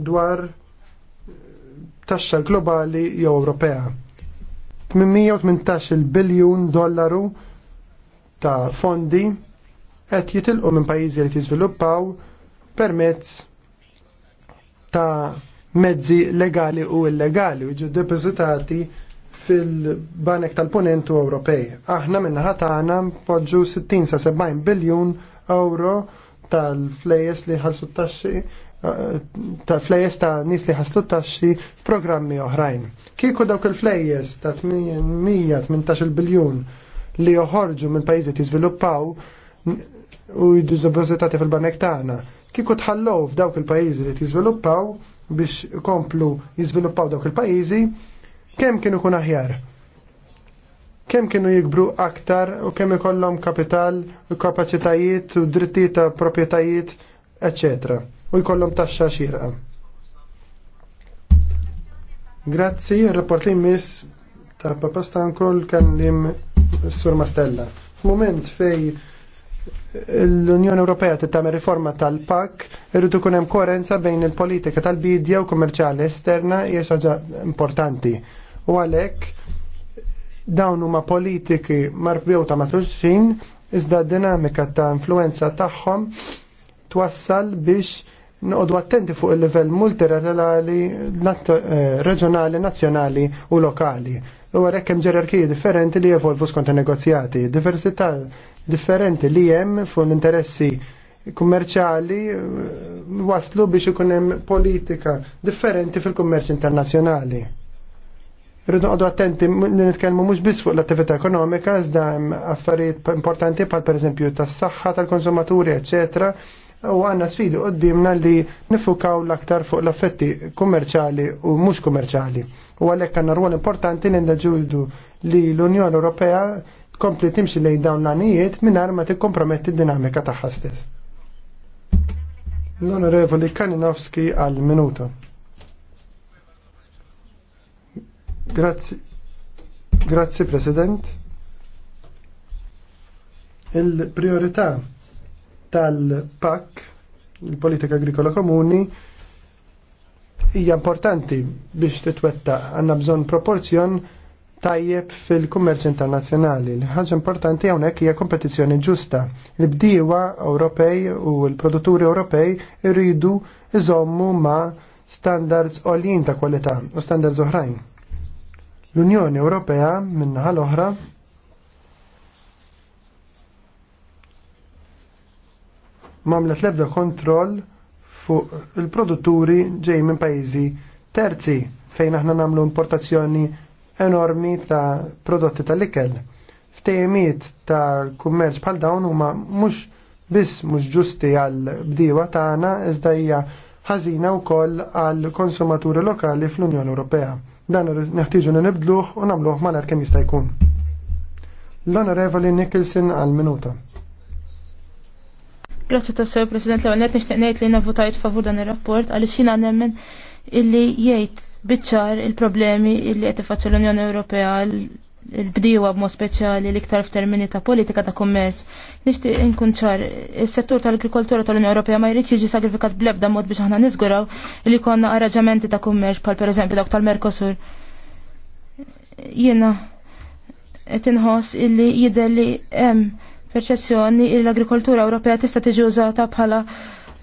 dwar taxxa globali jew Ewropea. 818 biljun dollaru ta' fondi qed jitilqu minn pajjiżi li jiżviluppaw permezz ta' mezzi legali u illegali u ġu depozitati fil-banek tal-ponentu Ewropej. Aħna minna ħatana podġu 60 sa 70 biljun euro tal-flejes li ħalsu taxxi eh, tal-flejes ta' nis li ħaslu taxxi f'programmi oħrajn. Kieku dawk il-flejes ta' 80-il biljun li joħorġu minn pajjiżi tiżviluppaw u jiddu depositati fil-banek tagħna. Kieku tħallow f'dawk il-pajjiżi li tiżviluppaw biex komplu jiżviluppaw dawk il-pajjiżi, kemm kienu kun aħjar? Kemm kienu jikbru aktar u kemm ikollhom kapital u kapaċitajiet u drittijiet ta' proprjetajiet, etc. U jkollhom taxxa xierqa. Grazzi, il-rapport miss ta' Papa Stankol kan lim Sur Mastella. F'moment fej l-Unjoni Ewropea titgħamel riforma tal-PAK, irridu kunem hemm koerenza bejn il-politika tal-bidja u kommerċjali esterna hija xi ħaġa importanti u għalhekk dawn huma politiki marbjew ma' tulxin iżda d-dinamika ta' influenza tagħhom twassal biex noqdu attenti fuq il-livell multilaterali, eh, reġjonali, nazzjonali u lokali. U għarek hemm ġerarkiji differenti li jevolvu skont negozjati, diversità differenti li hemm fuq l-interessi kummerċali eh, waslu biex ikun hemm politika differenti fil-kummerċ internazzjonali. Rridu għadu attenti li nitkellmu mhux biss fuq l-attività ekonomika, iżda hemm affarijiet importanti bħal pereżempju tas-saħħa tal-konsumaturi, eċetera, u għanna sfidi qoddimna li nifukaw l-aktar fuq l-affetti kummerċali u mhux kummerċali. U għalhekk għandna rwol importanti li ndaġudu li l-Unjoni Ewropea tkompli timxi lejn dawn l-għanijiet mingħajr ma tikkomprometti d-dinamika tagħha stess. L-Onorevoli Kaninowski għal minuta. Grazzi. Grazzi President. Il-priorità tal-PAC, il-Politika Agrikola Komuni, hija importanti biex titwetta għandna bżonn proporzjon tajjeb fil-kummerċ internazzjonali. l ħagġa importanti hawnhekk hija kompetizzjoni ġusta. L-bdiewa Ewropej u l-produtturi Ewropej irridu iżommu ma' standards għoljin ta' kwalità u standards oħrajn. L-Unjoni Ewropea minnaħa l-oħra mamlet lebda kontroll fuq il-produtturi ġej minn pajjiżi terzi fejn aħna nagħmlu importazzjoni enormi ta' prodotti tal-ikel. Ftejmiet tal-kummerċ bħal dawn huma mhux biss mhux ġusti għal bdiewa tagħna iżda hija ħażina wkoll għall konsumaturi lokali fl-Unjoni Ewropea. Dan neħtieġu nibdluh u nagħmluh malar kemm jista' jkun. L-Onorevoli Nicholson għal minuta. Grazie ta' sew President Leonet nixtieq ngħid li navvutajt favur dan il rapport għaliex jiena nemmen illi jgħid biċċar il-problemi illi qed ifaċċu l-Unjoni Ewropea il bdiwa b'mod speċjali l-iktar f'termini ta' politika ta' kummerċ. Nixtieq inkun ċar, is-settur tal-agrikoltura tal-Unjoni Ewropea ma jridx jiġi sagrifikat bl-ebda mod biex aħna niżguraw li konna arraġamenti ta' kummerċ bħal pereżempju dawk tal merkosur Jiena qed inħoss illi jidher li hemm perċezzjoni li l-agrikoltura Ewropea tista' tiġi użata bħala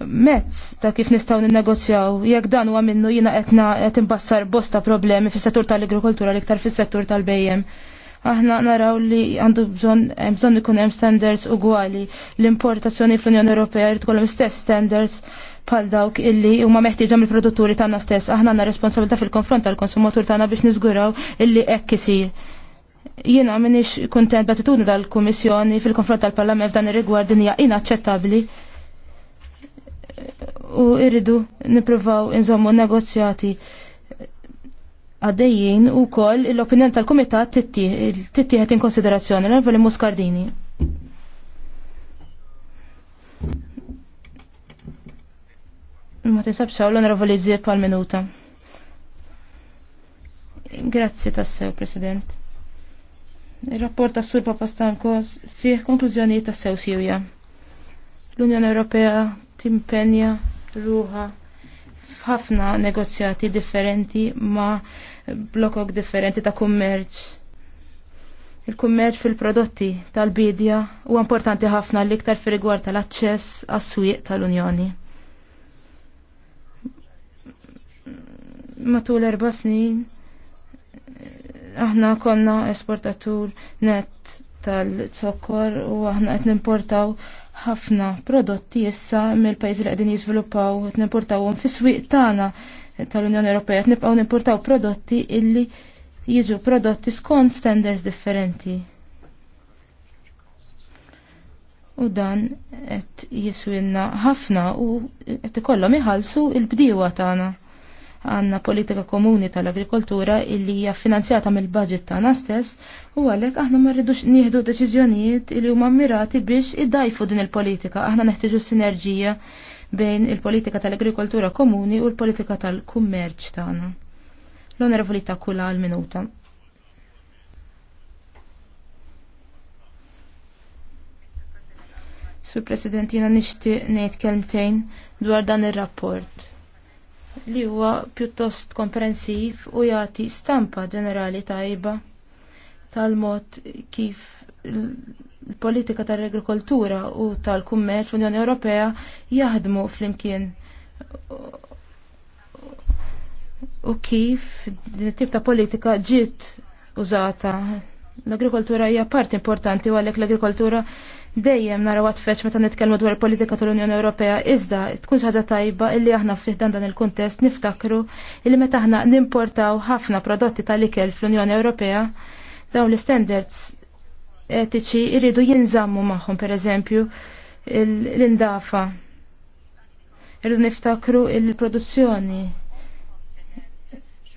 mezz ta' kif nistgħu ninnegozjaw jekk dan huwa minnu jiena qed qed imbassar bosta problemi fis-settur tal-agrikoltura l-iktar fis-settur tal-bejjem. Aħna naraw li għandu bżonn bżonn ikun hemm standards ugwali l-importazzjoni fl-Unjoni Ewropea jrid ikollhom istess standards bħal dawk illi huma meħtieġa mill-produtturi tagħna stess. Aħna għandna responsabilità fil-konfront tal-konsumatur tagħna biex niżguraw illi hekk isir. Jiena m'iniex kuntent b'attitudni tal-Kummissjoni fil-konfront tal-Parlament f'dan ir-rigward din hija inaċċettabbli u irridu nipruvaw inżommu negozjati għaddejjien u koll l opinjon tal-Kumitat tittieħed in konsiderazzjoni l-Enveli Muskardini. Ma tinsabx l-Onorevoli Zir pal-minuta. Grazzi tassew, President. Il-rapport ta' Sur Papastankos fih konklużjoni tassew Sirja. L-Unjoni Ewropea timpenja ruha f'ħafna negozjati differenti ma' blokok differenti ta' kummerċ. Il-kummerċ fil-prodotti tal-bidja u importanti ħafna l-iktar fi rigward tal-aċċess għas-swieq tal-Unjoni. matul erba' snin aħna konna esportatur net tal-zokkor u aħna qed nimportaw ħafna prodotti issa mill-pajjiżi li qegħdin jiżviluppaw qed nimpurtawhom fis-swieq tagħna tal-Unjoni Ewropea qed nibqgħu nimpurtaw prodotti illi jiġu prodotti skont standards differenti. U dan qed jiswinna ħafna u qed ikollhom iħallsu l-bdiewa tagħna għanna politika komuni tal-agrikoltura illi hija finanzjata mill-budget tagħna stess u għalhekk aħna ma rridux nieħdu deċiżjonijiet li huma mirati biex iddajfu din il-politika. Aħna neħtieġu sinerġija bejn il-politika tal-agrikoltura komuni u l-politika tal-kummerċ tagħna. L-onorevoli ta' kula għal-minuta. Sur President, jina nishti nejt kelmtejn dwar dan il-rapport li huwa pjuttost komprensiv u jagħti stampa ġenerali tajba tal-mod kif il-politika tal-agrikoltura u tal-kummerċ fl-Unjoni Ewropea jaħdmu flimkien u kif din tip ta' politika ġiet użata. L-agrikoltura hija parti importanti u għalhekk l-agrikoltura dejjem naraw għatfeċ meta nitkellmu dwar politika tal-Unjoni Ewropea, iżda tkun ħaġa tajba illi aħna fiħdan dan il-kuntest niftakru illi meta aħna nimportaw ħafna prodotti tal-ikel fl-Unjoni Ewropea, dawn l-standards etiċi irridu jinżammu magħhom pereżempju l-indafa. Irridu niftakru il-produzzjoni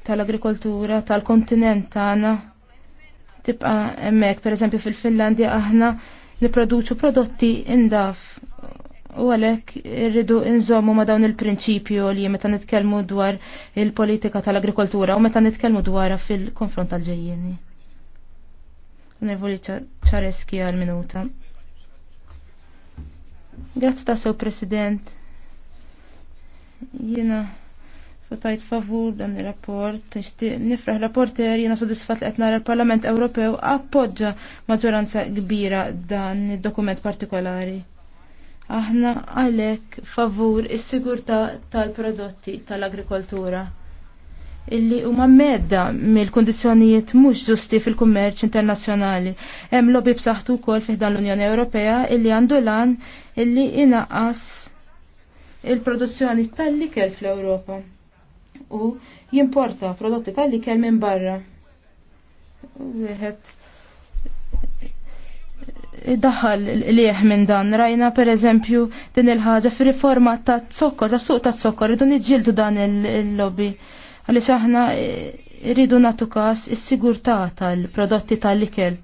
tal-agrikoltura tal-kontinent tagħna tibqa' hemmhekk pereżempju fil-Finlandja aħna niproduċu prodotti indaf u għalek irridu inżommu ma dawn il-prinċipju li meta nitkellmu dwar il-politika tal-agrikoltura u meta nitkellmu dwar fil-konfront tal-ġejjeni. Nervu li ċareski għal-minuta. Grazzi ta' President. Jena. You know U tajt favur dan ir-rapport, nifraħ rapporter jiena soddisfat li qed nara l-Parlament Ewropew appoġġa maġġoranza kbira dan id-dokument partikolari. Aħna għalhekk favur is-sigurtà tal-prodotti tal-agrikoltura illi huma medda mill kundizzjonijiet mhux ġusti fil-kummerċ internazzjonali. Hemm lobby b'saħħtu wkoll fih dan l-Unjoni Ewropea illi għandu lan illi inaqqas il-produzzjoni tal-likel fl-Ewropa u jimporta prodotti tal-ikel minn barra. Wieħed daħal lieħ minn dan rajna per eżempju din il-ħaġa fi riforma ta' t-sokkor, ta' suq ta' zokkor, idun iġġildu dan il-lobby. Għaliex aħna rridu natu kas is-sigurtà tal-prodotti tal-ikel.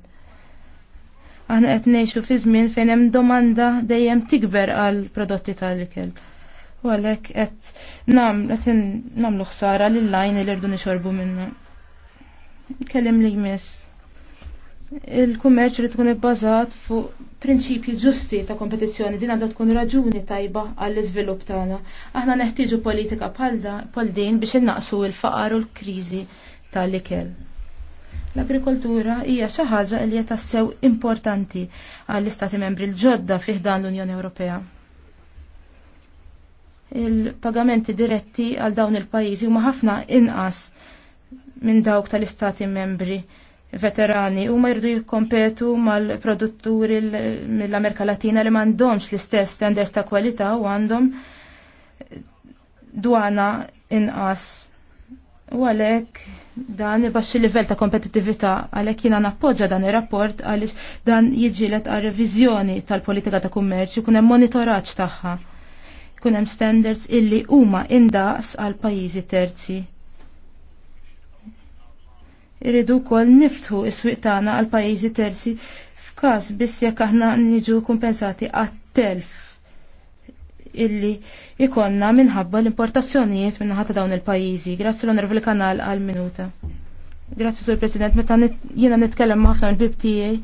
Aħna qed ngħixu fi żmien fejn hemm domanda dejjem tikber għal prodotti tal-ikel u għalhekk qed nagħmlu ħsara lil lajn li rdu nixorbu minna. Kellim li jmiss. Il-kummerċ li tkun ibbażat fuq prinċipji ġusti ta' kompetizzjoni din għandha tkun raġuni tajba għall-iżvilupp tagħna. Aħna neħtieġu politika bħal din biex innaqsu l-faqar u l-kriżi tal-ikel. L-agrikoltura hija xi ħaġa li tassew importanti għall-Istati Membri l-ġodda fih dan l-Unjoni Ewropea il-pagamenti diretti għal dawn il-pajjiżi huma ħafna inqas minn dawk tal-istati membri veterani u ma jirdu jikkompetu mal-produtturi mill-Amerika Latina li m'għandhomx l-istess standards ta' kwalità u għandhom dwana inqas. U għalek dan baxxi livell ta' kompetitività, għalek jina nappoġġa dan ir-rapport għaliex dan jiġilet għal reviżjoni tal-politika ta' kummerċi kunem hemm taħħa. tagħha kun hemm standards illi huma indaqs għal pajjiżi terzi. Irridu wkoll niftħu is-swieq tagħna għal pajjiżi terzi f'każ biss jekk aħna niġu kumpensati għat-telf illi ikonna minħabba l-importazzjonijiet minnaħat ta' dawn il-pajjiżi. Grazzi l-onorevoli kanal għal minuta. Grazzi, Sur President, meta jiena nitkellem ħafna l-bib tiegħi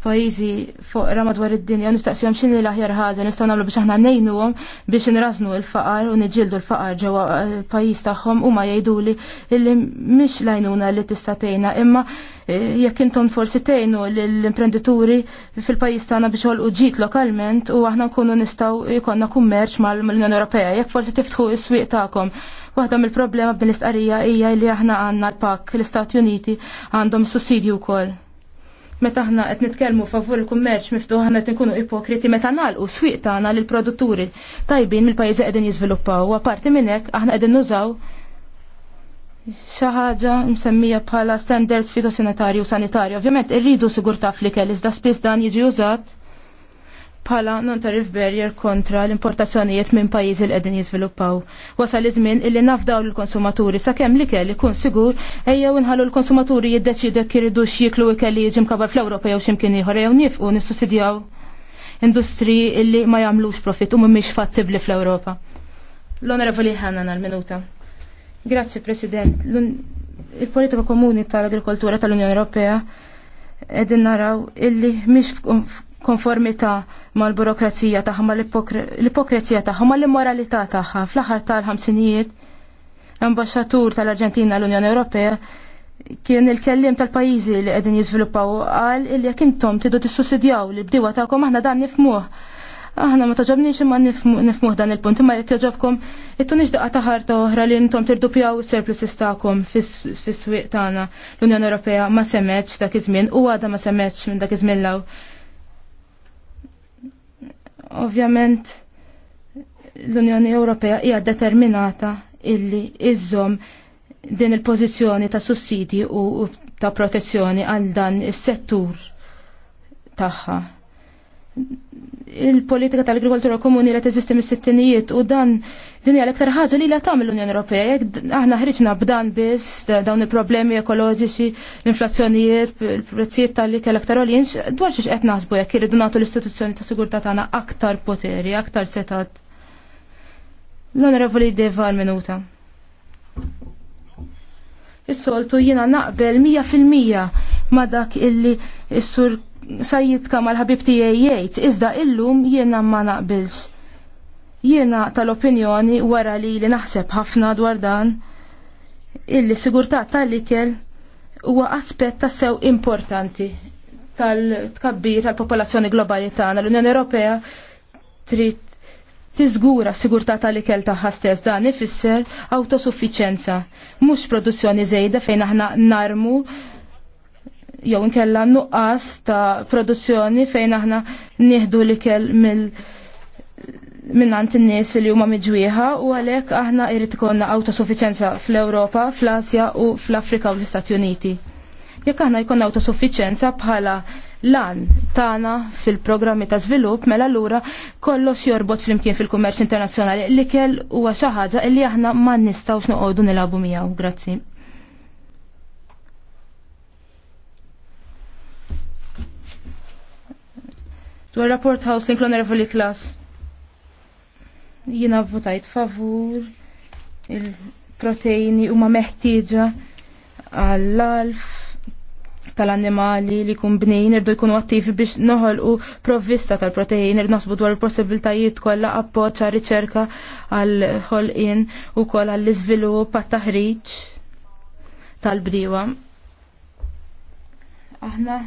f'pajjiżi foqra madwar id-dinja u nistaqsihom x'inhi l-aħjar ħaġa nistgħu nagħmlu biex aħna ngħinuhom biex inrażnu l-faqar u niġildu l-faqar ġewwa l-pajjiż tagħhom huma jgħiduli illi mhix lajnuna li tista' tgħinha imma eh, jekk intom forsi tgħinu l-imprenditori fil-pajjiż tagħna biex ħolqu ġid lokalment u aħna nkunu nistgħu jkollna kummerċ mal-Unjoni Ewropea jekk forsi tiftħu is-swieq tagħkom Waħda mill-problema b'din l-istqarrija hija li aħna għandna l-pak l-Istati Uniti għandhom sussidju wkoll. Meta aħna qed nitkellmu favur il-kummerċ miftuħ aħna qed inkunu ipokriti meta nagħlqu swieq tagħna lil produtturi tajbin mill-pajjiżi qegħdin jiżviluppaw u apparti minn hekk aħna qegħdin nużaw xi ħaġa msemmija bħala standards fitosanitarju u sanitarju. Ovvjament irridu sigurtà fl-ikel iżda spiss dan jiġi użat bħala non-tarif barrier kontra l-importazzjonijiet minn pajjiżi li qegħdin jiżviluppaw. Wasal iż-żmien illi nafdaw lill konsumaturi sakemm li kell ikun sigur ejjew inħallu l-konsumaturi jiddeċidu jridu x'jiklu ikel li jiġi mkabar fl-Ewropa jew x'imkien ieħor jew nifqu nissussidjaw industri illi ma jagħmlux profit u mhumiex fattibli fl-Ewropa. L-Onorevoli Hanna għal-minuta. Grazzi President. Il-politika komuni tal-agrikoltura tal-Unjoni Ewropea qegħdin naraw illi mhix konformità mal-burokrazija tagħha mal-ipokrezija tagħha mal-immoralità tagħha fl-aħħar tal-ħamsinijiet ambasċatur tal-Arġentina l-Unjoni Ewropea kien il-kellim tal-pajjiżi li qegħdin jiżviluppaw qal il jekk intom tidu tissussidjaw li bdiwa tagħkom aħna dan nifmuħ. Aħna ma toġobniex imma nifmuħ dan il-punt imma jekk joġobkom jittu nixdaqa ta' oħra li intom tirdupjaw is-surpluses taħkom fis-swieq tagħna. L-Unjoni Ewropea ma semmeċ dak iż-żmien u għadha ma semetx minn dak iż-żmien law Ovvjament l-Unjoni Ewropea hija determinata illi iżżomm din il-pożizzjoni ta' sussidi u ta' protezzjoni għal dan is-settur tagħha il-politika tal-agrikoltura komuni li teżisti mis-sittinijiet u dan din hija l-iktar ħaġa li la tagħmel l-Unjoni Ewropea. Jekk aħna ħriġna b'dan biss dawn il-problemi ekoloġiċi, l-inflazzjonijiet, il-prezzijiet tal-ikel aktar għolin, dwar xiex qed naħsbu jekk irridu nagħtu l-istituzzjoni ta' sigurtà tagħna aktar poteri, aktar setat. L-Onorevoli Deva għal-minuta. Is-soltu jiena naqbel 100% ma dak illi s-sur sajjitka mal-ħabib tiegħi jgħid iżda illum jiena ma naqbilx. Jiena tal-opinjoni wara li li naħseb ħafna dwar dan illi sigurtà tal-ikel huwa aspett tassew importanti tal-tkabbir tal-popolazzjoni globali tagħna l-Unjoni Ewropea trid tiżgura sigurtà tal-ikel tagħha stess dan ifisser autosuffiċenza, mhux produzzjoni żejda fejn aħna narmu jew inkella nuqqas ta' produzzjoni fejn aħna nieħdu l-ikel mill minnant in-nies li huma miġwieħa u għalhekk aħna jrid ikollna autosuffiċenza fl-Ewropa, fl-Asja u fl-Afrika u l-Istati Uniti. Jekk aħna jkollna autosuffiċenza bħala lan tagħna fil-programmi ta' żvilupp mela lura kollox jorbot flimkien fil-kummerċ internazzjonali li kell huwa xi ħaġa li aħna ma nistgħux noqogħdu nilagħbu miegħu. Grazzi. Dwar rapport House l fil Klas. Jina votajt favur il-proteini huma meħtieġa għall-alf tal-annimali li kun bnejn irdu jkunu attivi biex noħolqu provvista tal-protein irdu nasbu dwar il-possibiltajiet kollha appoġġ għal riċerka għal ħolqien kolla għall iżvilupp għat-taħriġ tal-bdiewa. Aħna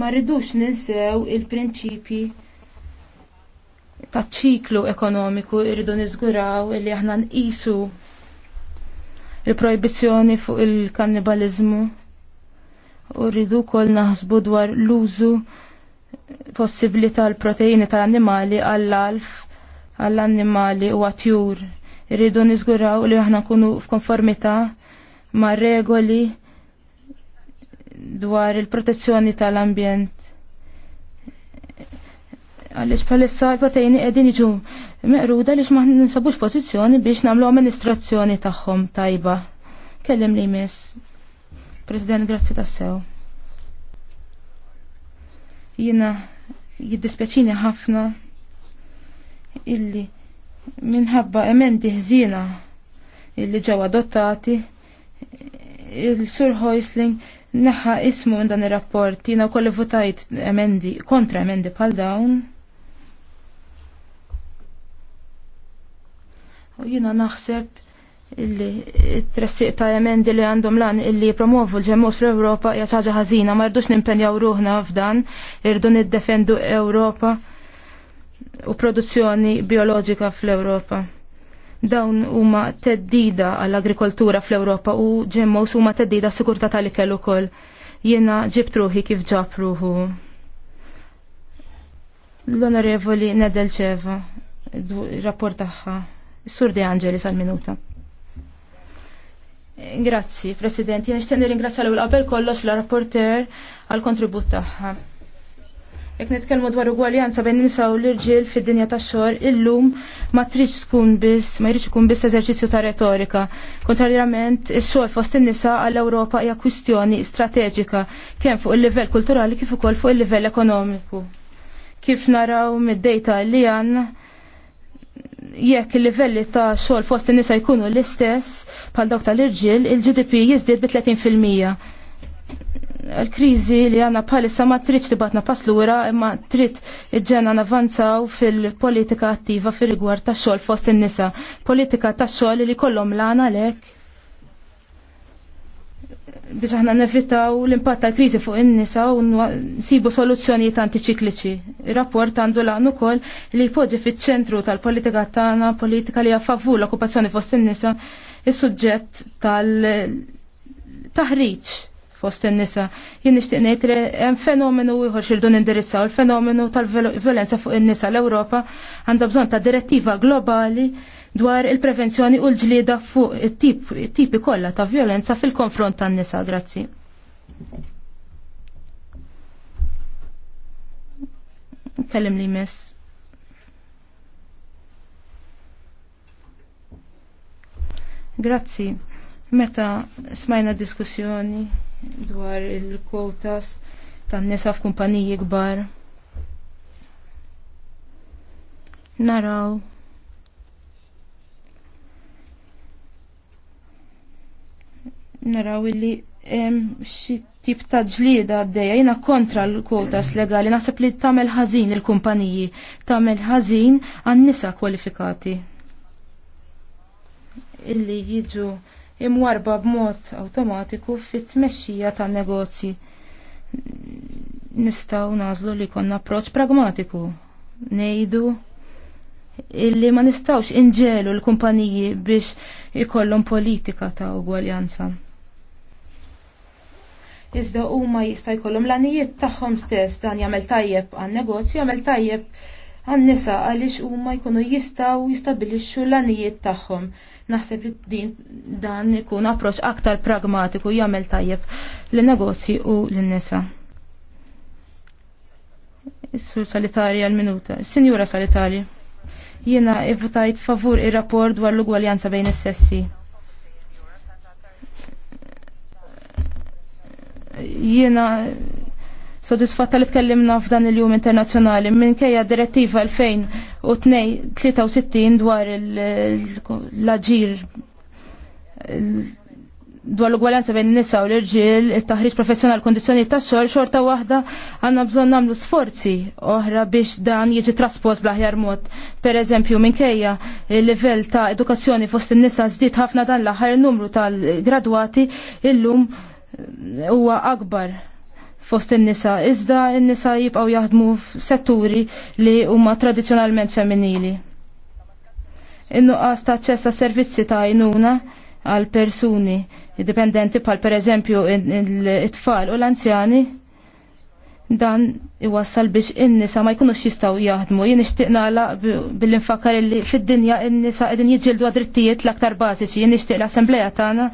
ma rridux ninsew il-prinċipji taċ ċiklu ekonomiku irridu niżguraw li aħna nqisu il-projbizzjoni fuq il-kannibalizmu u rridu wkoll naħsbu dwar l-użu possibbli tal-proteini tal-annimali għall-alf għall-annimali u għatjur. Irridu niżguraw li aħna nkunu f'konformità mar regoli dwar il-protezzjoni tal-ambjent. Għalix palissa l-proteini edin iġu meqruda li ma nisabux pozizjoni biex namlu amministrazzjoni tagħhom tajba. Kellim li miss. President, grazzi tassew. Jina jiddispjaċini ħafna illi minħabba emendi ħzina illi ġew adottati il-Sur Hoisling neħħa ismu minn dan ir-rapport jiena wkoll votajt emendi kontra emendi bħal dawn. U jiena naħseb illi t tressiq ta' emendi li għandhom lan illi promovu l-ġemmus fl-Europa hija ħazina, ħażina, ma rdux nimpenjaw ruħna f'dan, irridu niddefendu Ewropa u produzzjoni bioloġika fl-Ewropa. Dawn huma teddida għall-agrikoltura fl-Ewropa u ġemmos huma teddida s-sigurtà tal-ikel ukoll. Jiena ġibt ruħi kif ġab ruħu. L-Onorevoli Nedelċeva, rapport tagħha. Sur De Angelis għal-minuta. Grazzi, President. jena xtenni nirringrazzja l għabel qabel kollox l-rapporter għall kontribut tagħha. Jek nitkellmu dwar ugwaljanza bejn nisa u l-irġiel fid-dinja tax-xogħol illum ma tridx tkun biss ma jridx ikun biss eżerċizzju ta' retorika. Kontrarjament, ix-xogħol fost in-nisa għall Ewropa hija kwistjoni strateġika kemm fuq il-livell kulturali kif ukoll fuq il-livell ekonomiku. Kif naraw mid-dejta li għandna jekk il-livelli ta' xogħol fost in-nisa jkunu l-istess bħal dawk tal-irġiel, il-GDP jiżdied bi 30 fil-mija l-kriżi li għanna bħalissa ma trid tibatna pass lura imma trid iġġenna navanzaw fil-politika attiva fir rigward tax-xogħol fost in-nisa. Politika tax-xogħol li l-għana lek biex aħna nevitaw l-impatt tal-kriżi fuq in-nisa u nsibu soluzzjonijiet antiċikliċi. il rapport għandu laqnu ukoll li jpoġġi fiċ-ċentru tal-politika tagħna, politika li favur l-okkupazzjoni fost in-nisa, is-suġġett tal-taħriġ fost in-nisa. Jien nixtieq ngħid li hemm fenomenu ieħor xirdu nindirizzaw il-fenomenu tal-violenza fuq in-nisa l-Ewropa għandha bżonn ta' direttiva globali dwar il-prevenzjoni u l-ġlieda fuq it-tipi kollha ta' violenza fil-konfront tan-nisa. Grazzi. Kellim li mis. Grazzi. Meta smajna diskussjoni dwar il-kwotas tan-nisa f'kumpaniji kbar. Naraw naraw illi xi tip ta' ġlieda għaddejja jiena kontra l-kwotas legali naħseb li tagħmel ħażin il-kumpaniji tagħmel ħażin għan-nisa kwalifikati illi jiġu imwarba b'mod awtomatiku fit-tmexxija tan-negozji. Nistgħu nażlu li konna approċċ pragmatiku. Ngħidu illi ma nistgħux inġelu l-kumpaniji biex ikollhom politika ta' ugwaljanza. Iżda huma jista' jkollhom l-anijiet tagħhom stess dan jagħmel tajjeb għan-negozju, jagħmel tajjeb għan-nisa għaliex huma jkunu jistgħu jistabilixxu l-għanijiet tagħhom. Naħseb li din dan ikun approċċ aktar pragmatiku jagħmel tajjeb lin-negozji u lin-nisa. Is-sur Salitari għal-minuta. Sinjura Salitari, jiena ivvutajt favur ir-rapport dwar l-ugwaljanza bejn is-sessi. jiena Sodisfatta li tkellimna f'dan il-jum internazzjonali minkejja direttiva 2063 dwar l-aġir dwar l-ugwaljanza bejn nisa u l-irġiel, it-taħriġ professjonal kondizjoni ta' xogħol xorta waħda għandna bżonn nagħmlu sforzi oħra biex dan jiġi traspost bl-aħjar mod. Pereżempju minkejja il-livell ta' edukazzjoni fost in-nisa zdit ħafna dan l-aħħar numru tal-gradwati illum huwa akbar fost in-nisa, iżda il nisa jibqaw jaħdmu f'setturi li huma tradizzjonalment femminili. In-nuqqas ta' ċessa servizzi ta' għajnuna għal persuni dipendenti per pereżempju it-tfal u l-anzjani dan iwassal biex in-nisa ma jkunux jistaw jaħdmu. Jien nixtieq nagħlaq billi nfakkar li fid-dinja in-nisa qegħdin jiġġieldu għadrittijiet drittijiet l-aktar bażiċi. Jien nixtieq l-assembleja tagħna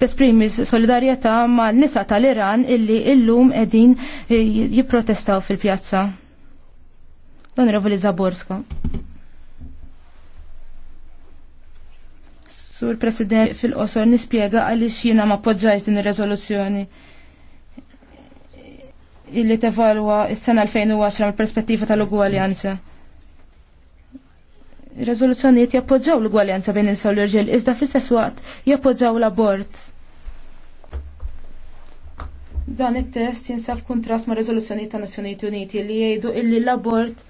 tesprimi solidarjetà ma' nisa tal-Iran illi illum edin eh, jipprotestaw fil-pjazza. Revoli Zaborska. Sur President fil-qosor nispjega għaliex jiena ma poġġajt din ir-reżoluzzjoni illi tevalwa s-sena 2010 mill-perspettiva tal-ugwaljanza. Rezoluzzjonijiet jappoġġaw l-gwaljanza bejn insa u l-irġiel iżda fl-istess waqt jappoġġaw l-abort. Dan it-test jinsab kontrast ma' rezoluzzjonijiet ta' Nazzjonijiet Uniti li jgħidu illi l-abort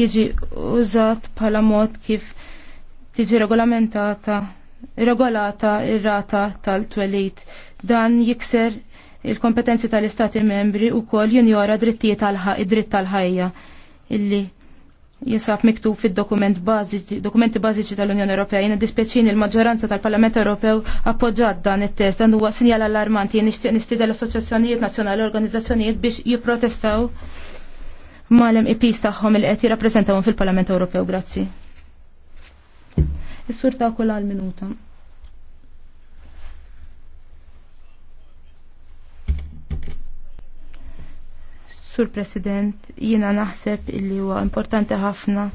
tiġi jiġi użat bħala mod kif tiġi regolamentata regolata ir-rata tal-twelit. Dan jikser il-kompetenzi tal-istati membri u kol junjora drittijiet tal-ħajja dritt tal-ħajja illi jinsab miktub fil-dokument bażiċi, dokumenti bażiċi tal-Unjoni Ewropea. Jiena dispjaċini l-maġġoranza tal-Parlament Ewropew appoġġat dan it-test dan huwa sinjal allarmanti jien nixtieq nistieda l-assoċjazzjonijiet nazzjonali organizzazzjonijiet biex jipprotestaw malem ipis e tagħhom il qed jirrappreżentawhom fil-Parlament Ewropew. Grazzi. Is-sur ta' kull minuta. Sur President, jiena naħseb illi huwa importanti ħafna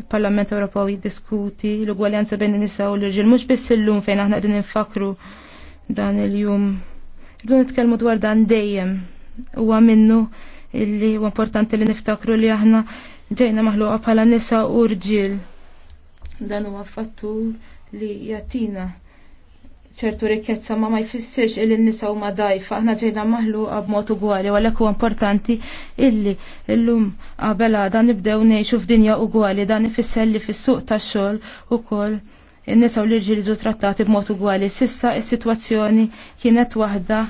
il-Parlament Ewropew jiddiskuti l-ugwaljanza bejn in-nisa u l-irġiel mhux biss illum fejn aħna qegħdin infakru dan il-jum. Irdu nitkellmu dwar dan dejjem huwa minnu illi huwa importanti li niftakru li aħna ġejna maħluqa bħala nisa u rġiel. Dan huwa fattur li jatina ċertu rikkezza ma ma jfissirx il nisa huma dajfa aħna ġejna maħlu b'mod ugwali għalhekk huwa importanti illi llum qabel dan nibdew ngħixu f'dinja għali, dan ifisser li fis-suq tax-xogħol ukoll in-nisa u l-irġiel ġu trattati b'mod ugwali. Sissa is-sitwazzjoni kienet waħda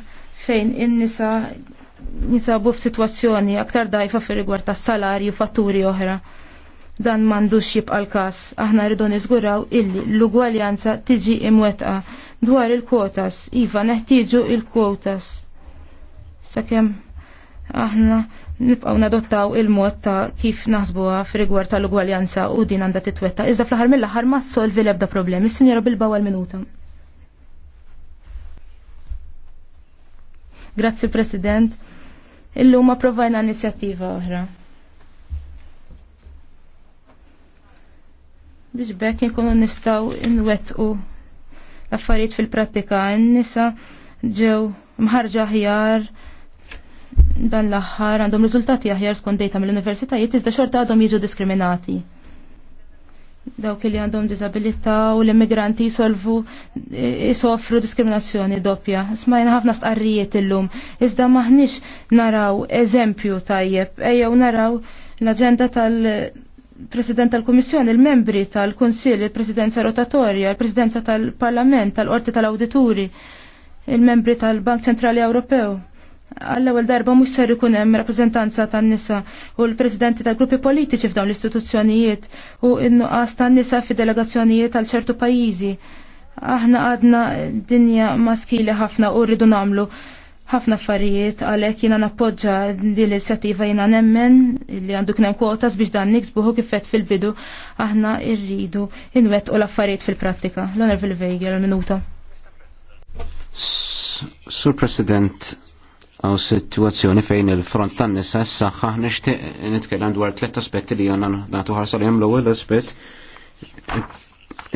fejn in-nisa jinsabu f'sitwazzjoni aktar dajfa fir-rigward tas-salarju fatturi oħra dan mandux jibqa l-kas. Aħna rridu niżguraw illi l-ugwaljanza tiġi imwetqa dwar il-kwotas. Iva, neħtiġu il-kwotas. Sakemm aħna nibqgħu nadottaw il-mod ta' kif naħsbuha f'rigward tal-ugwaljanza u din għandha titwetta. Iżda fl-aħħar mill-aħħar ma solvi l-ebda problemi. Sinjera bil għal minuta. Grazzi President. Illum approvajna inizjattiva oħra. Biex bekk nkunu nistgħu nwettqu l-affarijiet fil-prattika n-nisa ġew mħarġa ħjar dan l-aħħar għandhom riżultati aħjar skont dejta mill-universitajiet iżda xorta għadhom jiġu diskriminati. Dawk li għandhom diżabilità u l-immigranti jisolvu jisofru diskriminazzjoni doppja. Smajna ħafna stqarrijiet illum, iżda maħniex naraw eżempju tajjeb, ejjew naraw l-aġenda tal- President tal-Kummissjoni, il-membri tal-Kunsill, il-Presidenza Rotatorja, il-Presidenza tal-Parlament, tal-Qorti tal-Awdituri, il-membri tal-Bank Centrali Ewropew. Għall-ewwel darba mhux ser ikun hemm rappreżentanza tan-nisa u l-presidenti tal-gruppi politiċi f'dawn l-istituzzjonijiet u n-nuqqas tan-nisa fid-delegazzjonijiet tal ċertu pajjiżi. Aħna għadna dinja maskili ħafna u rridu nagħmlu ħafna affarijiet għalhekk jiena nappoġġa din l-inizjattiva jiena nemmen li għandu knem kwotas biex dan niksbuħu kifet fil-bidu aħna rridu inwettqu l-affarijiet fil-prattika. L-Onorevoli Vejger minuta. Sur President, għaw situazzjoni fejn il-front tan nisa s-saxħa nishtiq nitkellem dwar tlet aspetti li jonna natu ħarsal jem l-ewwel aspett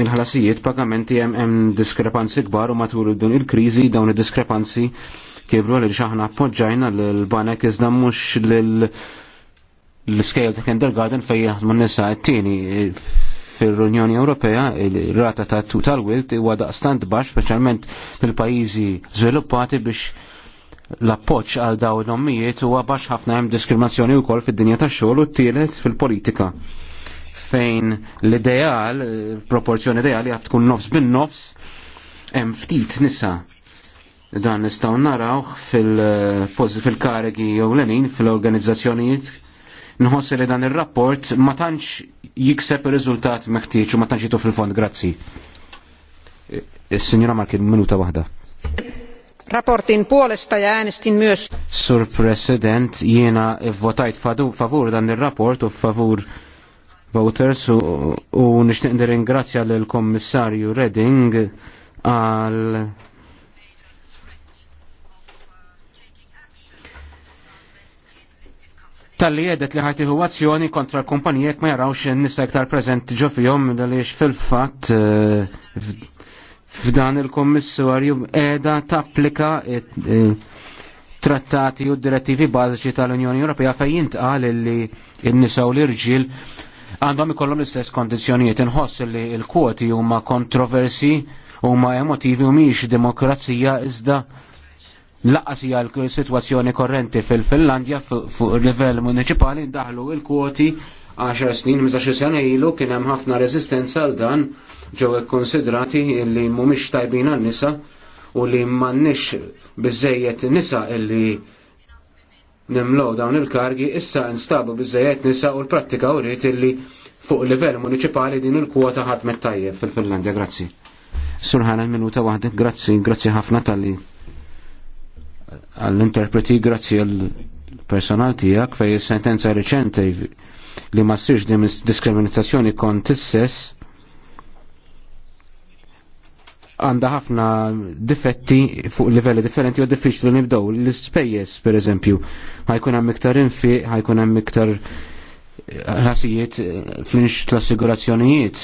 il-ħlasijiet pagamenti hemm diskrepanzi kbar u matul il-kriżi dawn id-diskrepanzi kibru li xaħna appoġġajna l-banek iżda mux l-scale ta' kindergarten fej n nisa t-tini fil-Unjoni Ewropea il-rata ta' tal-wilt huwa daqstant baxx speċjalment fil-pajjiżi żviluppati biex l appoġġ għal daw l-ommijiet huwa baxx ħafna hemm diskriminazzjoni wkoll fid-dinja tax-xogħol u t-tielet fil-politika fejn l-ideal, proporzjoni ideali għaf tkun nofs bin nofs hemm ftit nisa Dan nistgħu narawh eh, fil-karigi jew lenin fil-organizzazzjonijiet nħossi li dan ir-rapport ma tantx jikseb ir-riżultat meħtieġ u ma tantx jitu fil-fond. Grazzi. Is-Sinjora eh, eh, Markin minuta waħda. Rapportin puolesta ja äänestin myös. Sur President, jiena votajt favur dan ir-rapport u favur voters u, u nishtiq nirringrazzja l-Kommissarju Redding għal tal-li jedet li ħajtiħu azzjoni kontra l-kumpanijek ma jarawx nisa iktar prezenti ġo fihom għaliex fil-fatt eh, f'dan il-kommissarju edha tapplika eh, trattati u direttivi bażiċi tal-Unjoni Ewropea fejn jintqal li n-nisa u l-irġiel għandhom ikollhom l-istess kondizzjonijiet inħoss li l-kwoti huma kontroversi huma emotivi u mhix demokrazija iżda laqas hija l-sitwazzjoni korrenti fil-Finlandja fuq livell municipali daħlu il-kwoti 10 snin, 15 sena ilu kien hemm ħafna rezistenza għal dan ġew konsidrati li mhumiex tajbin għan-nisa u li m'għandniex biżejjed nisa illi nimlow dawn il-kargi issa nstabu biżejjed nisa u l-prattika uriet illi fuq livell municipali din il-kwota ħadmet tajjeb fil-Finlandja, grazzi. Surħana minuta waħda, grazzi, grazzi ħafna tal-li għall-interpreti grazzi għall-personal tijak fej sentenza reċente li ma s-sirġ diskriminazzjoni kont is-sess għanda ħafna difetti fuq livelli differenti u diffiċli nibdow. L-spejjes, per eżempju, ħajkun hemm iktar infi, ħajkun hemm iktar rasijiet eh, flinx tal-assigurazzjonijiet.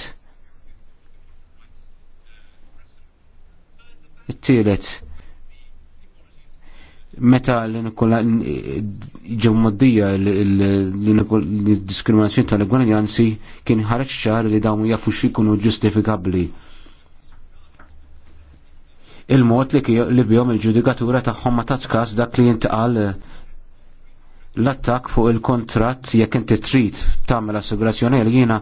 It-tielet, meta ġew moddija l-diskriminazzjoni tal gwanjanzi kien ħareġ ċar li dawn jafu jkunu ġustifikabbli. Il-mod li bihom il-ġudikatura tagħhom ma tatx każ dak li jintqal l-attak fuq il-kontratt jekk inti trid tagħmel assigurazzjoni li jiena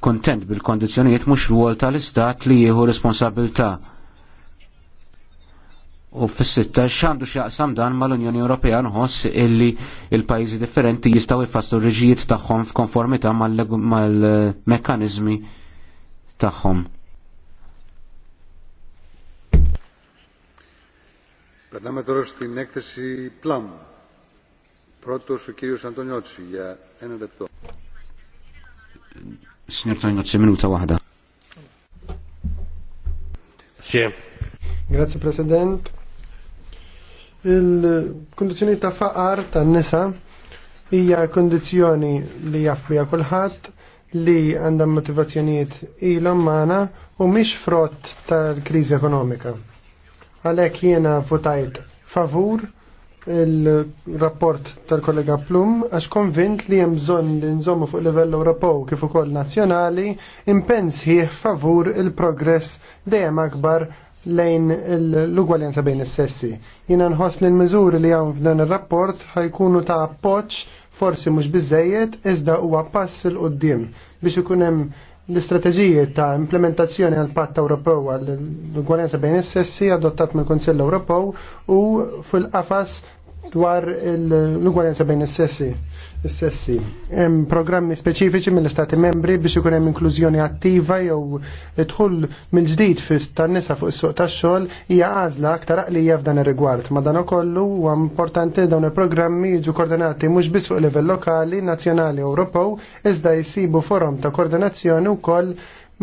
kontent bil-kondizzjonijiet mhux rwol tal-istat li jieħu responsabilità U fis-16 għandu xaqsam dan mal-Unjoni Ewropea nħoss illi il-pajjiżi differenti jistgħu jfassu reġijiet tagħhom f'konformità mal-mekkaniżmi tagħhom. Περνάμε τώρα στην έκθεση Plum. Πρώτος ο κύριος Αντωνιώτσι για ένα λεπτό. Signor Tonjozzi, minuta wahda. Grazie President Il-kondizjoni ta' faqar ta' nisa hija kondizjoni li jaf bija kulħadd li għandha motivazzjonijiet ilhom magħna u mhix frott tal-kriżi ekonomika. Għalhekk jiena votajt favur il-rapport tal-kollega Plum għax konvint li hemm bżonn li nżommu fuq livell Ewropew kif ukoll nazzjonali impens ħieħ favur il-progress dejjem akbar lejn l-ugwaljanza bejn is-sessi. Jiena nħoss li l-miżuri li hawn f'dan ir-rapport ħajkunu ta' appoġġ forsi mhux biżejjed iżda huwa pass il qudiem biex ikun hemm l-istrateġiji ta' implementazzjoni għal patt Ewropew għal l-ugwaljanza bejn is-sessi adottat mill-Kunsill Ewropew u fil-qafas dwar l-ugwaljanza bejn is-sessi sessi Hemm programmi speċifiċi mill-Istati membri biex ikun hemm inklużjoni attiva jew idħul mill-ġdid fis tan-nisa fuq is-suq tax-xogħol hija għażla aktar aqlija f'dan ir-rigward. Madankollu huwa importanti dawn il-programmi jiġu koordinati mhux biss fuq livell lokali, nazzjonali Ewropew, iżda jsibu forum ta' koordinazzjoni wkoll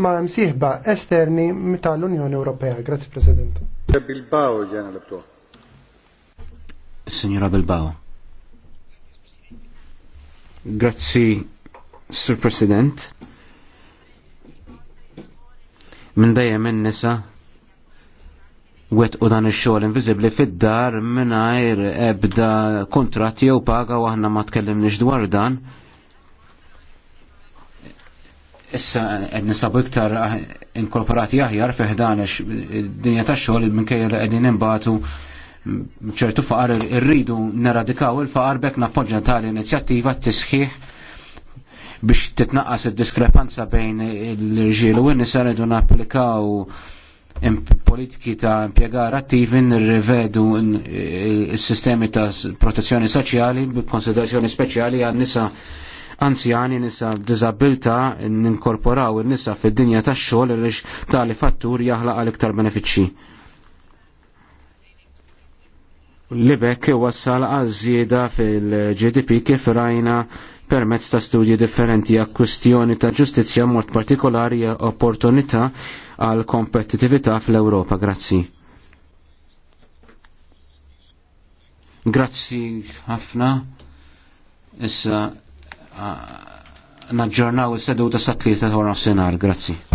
ma' msieħba esterni tal-Unjoni Ewropea. Grazzi President. Bilbao l Signora Bilbao. Grazzi, Sir President. Minn dejjem in-nisa wet u dan ix-xogħol inviżibbli fid-dar mingħajr ebda kontrat jew paga u aħna ma tkellimniex dwar dan. Issa qed nisabu iktar inkorporati aħjar fiħdan dan id-dinja tax-xogħol minkejja li qegħdin imbatu ċertu faqar irridu neradikaw il-faqar bekk nappoġġa tal-inizjattiva t-tisħiħ biex titnaqqas id-diskrepanza bejn l-irġiel u n-nisa rridu napplikaw politiki ta' impjegar attivi nirrivedu s-sistemi ta' protezzjoni soċjali b'konsiderazzjoni speċjali għan nisa anzjani, nisa b'dizabilta ninkorporaw in-nisa fid-dinja tax-xogħol għaliex tali fattur jaħlaq għal iktar benefiċċji. Libek wassal għal żieda fil-GDP kif rajna permezz ta' studji differenti għak kustjoni ta' ġustizzja mod partikolari opportunità għal kompetitività fl-Ewropa. Grazzi. Grazzi ħafna. Issa naġġornaw is-seduta sa' tlieta ta' nofsinhar. Grazzi.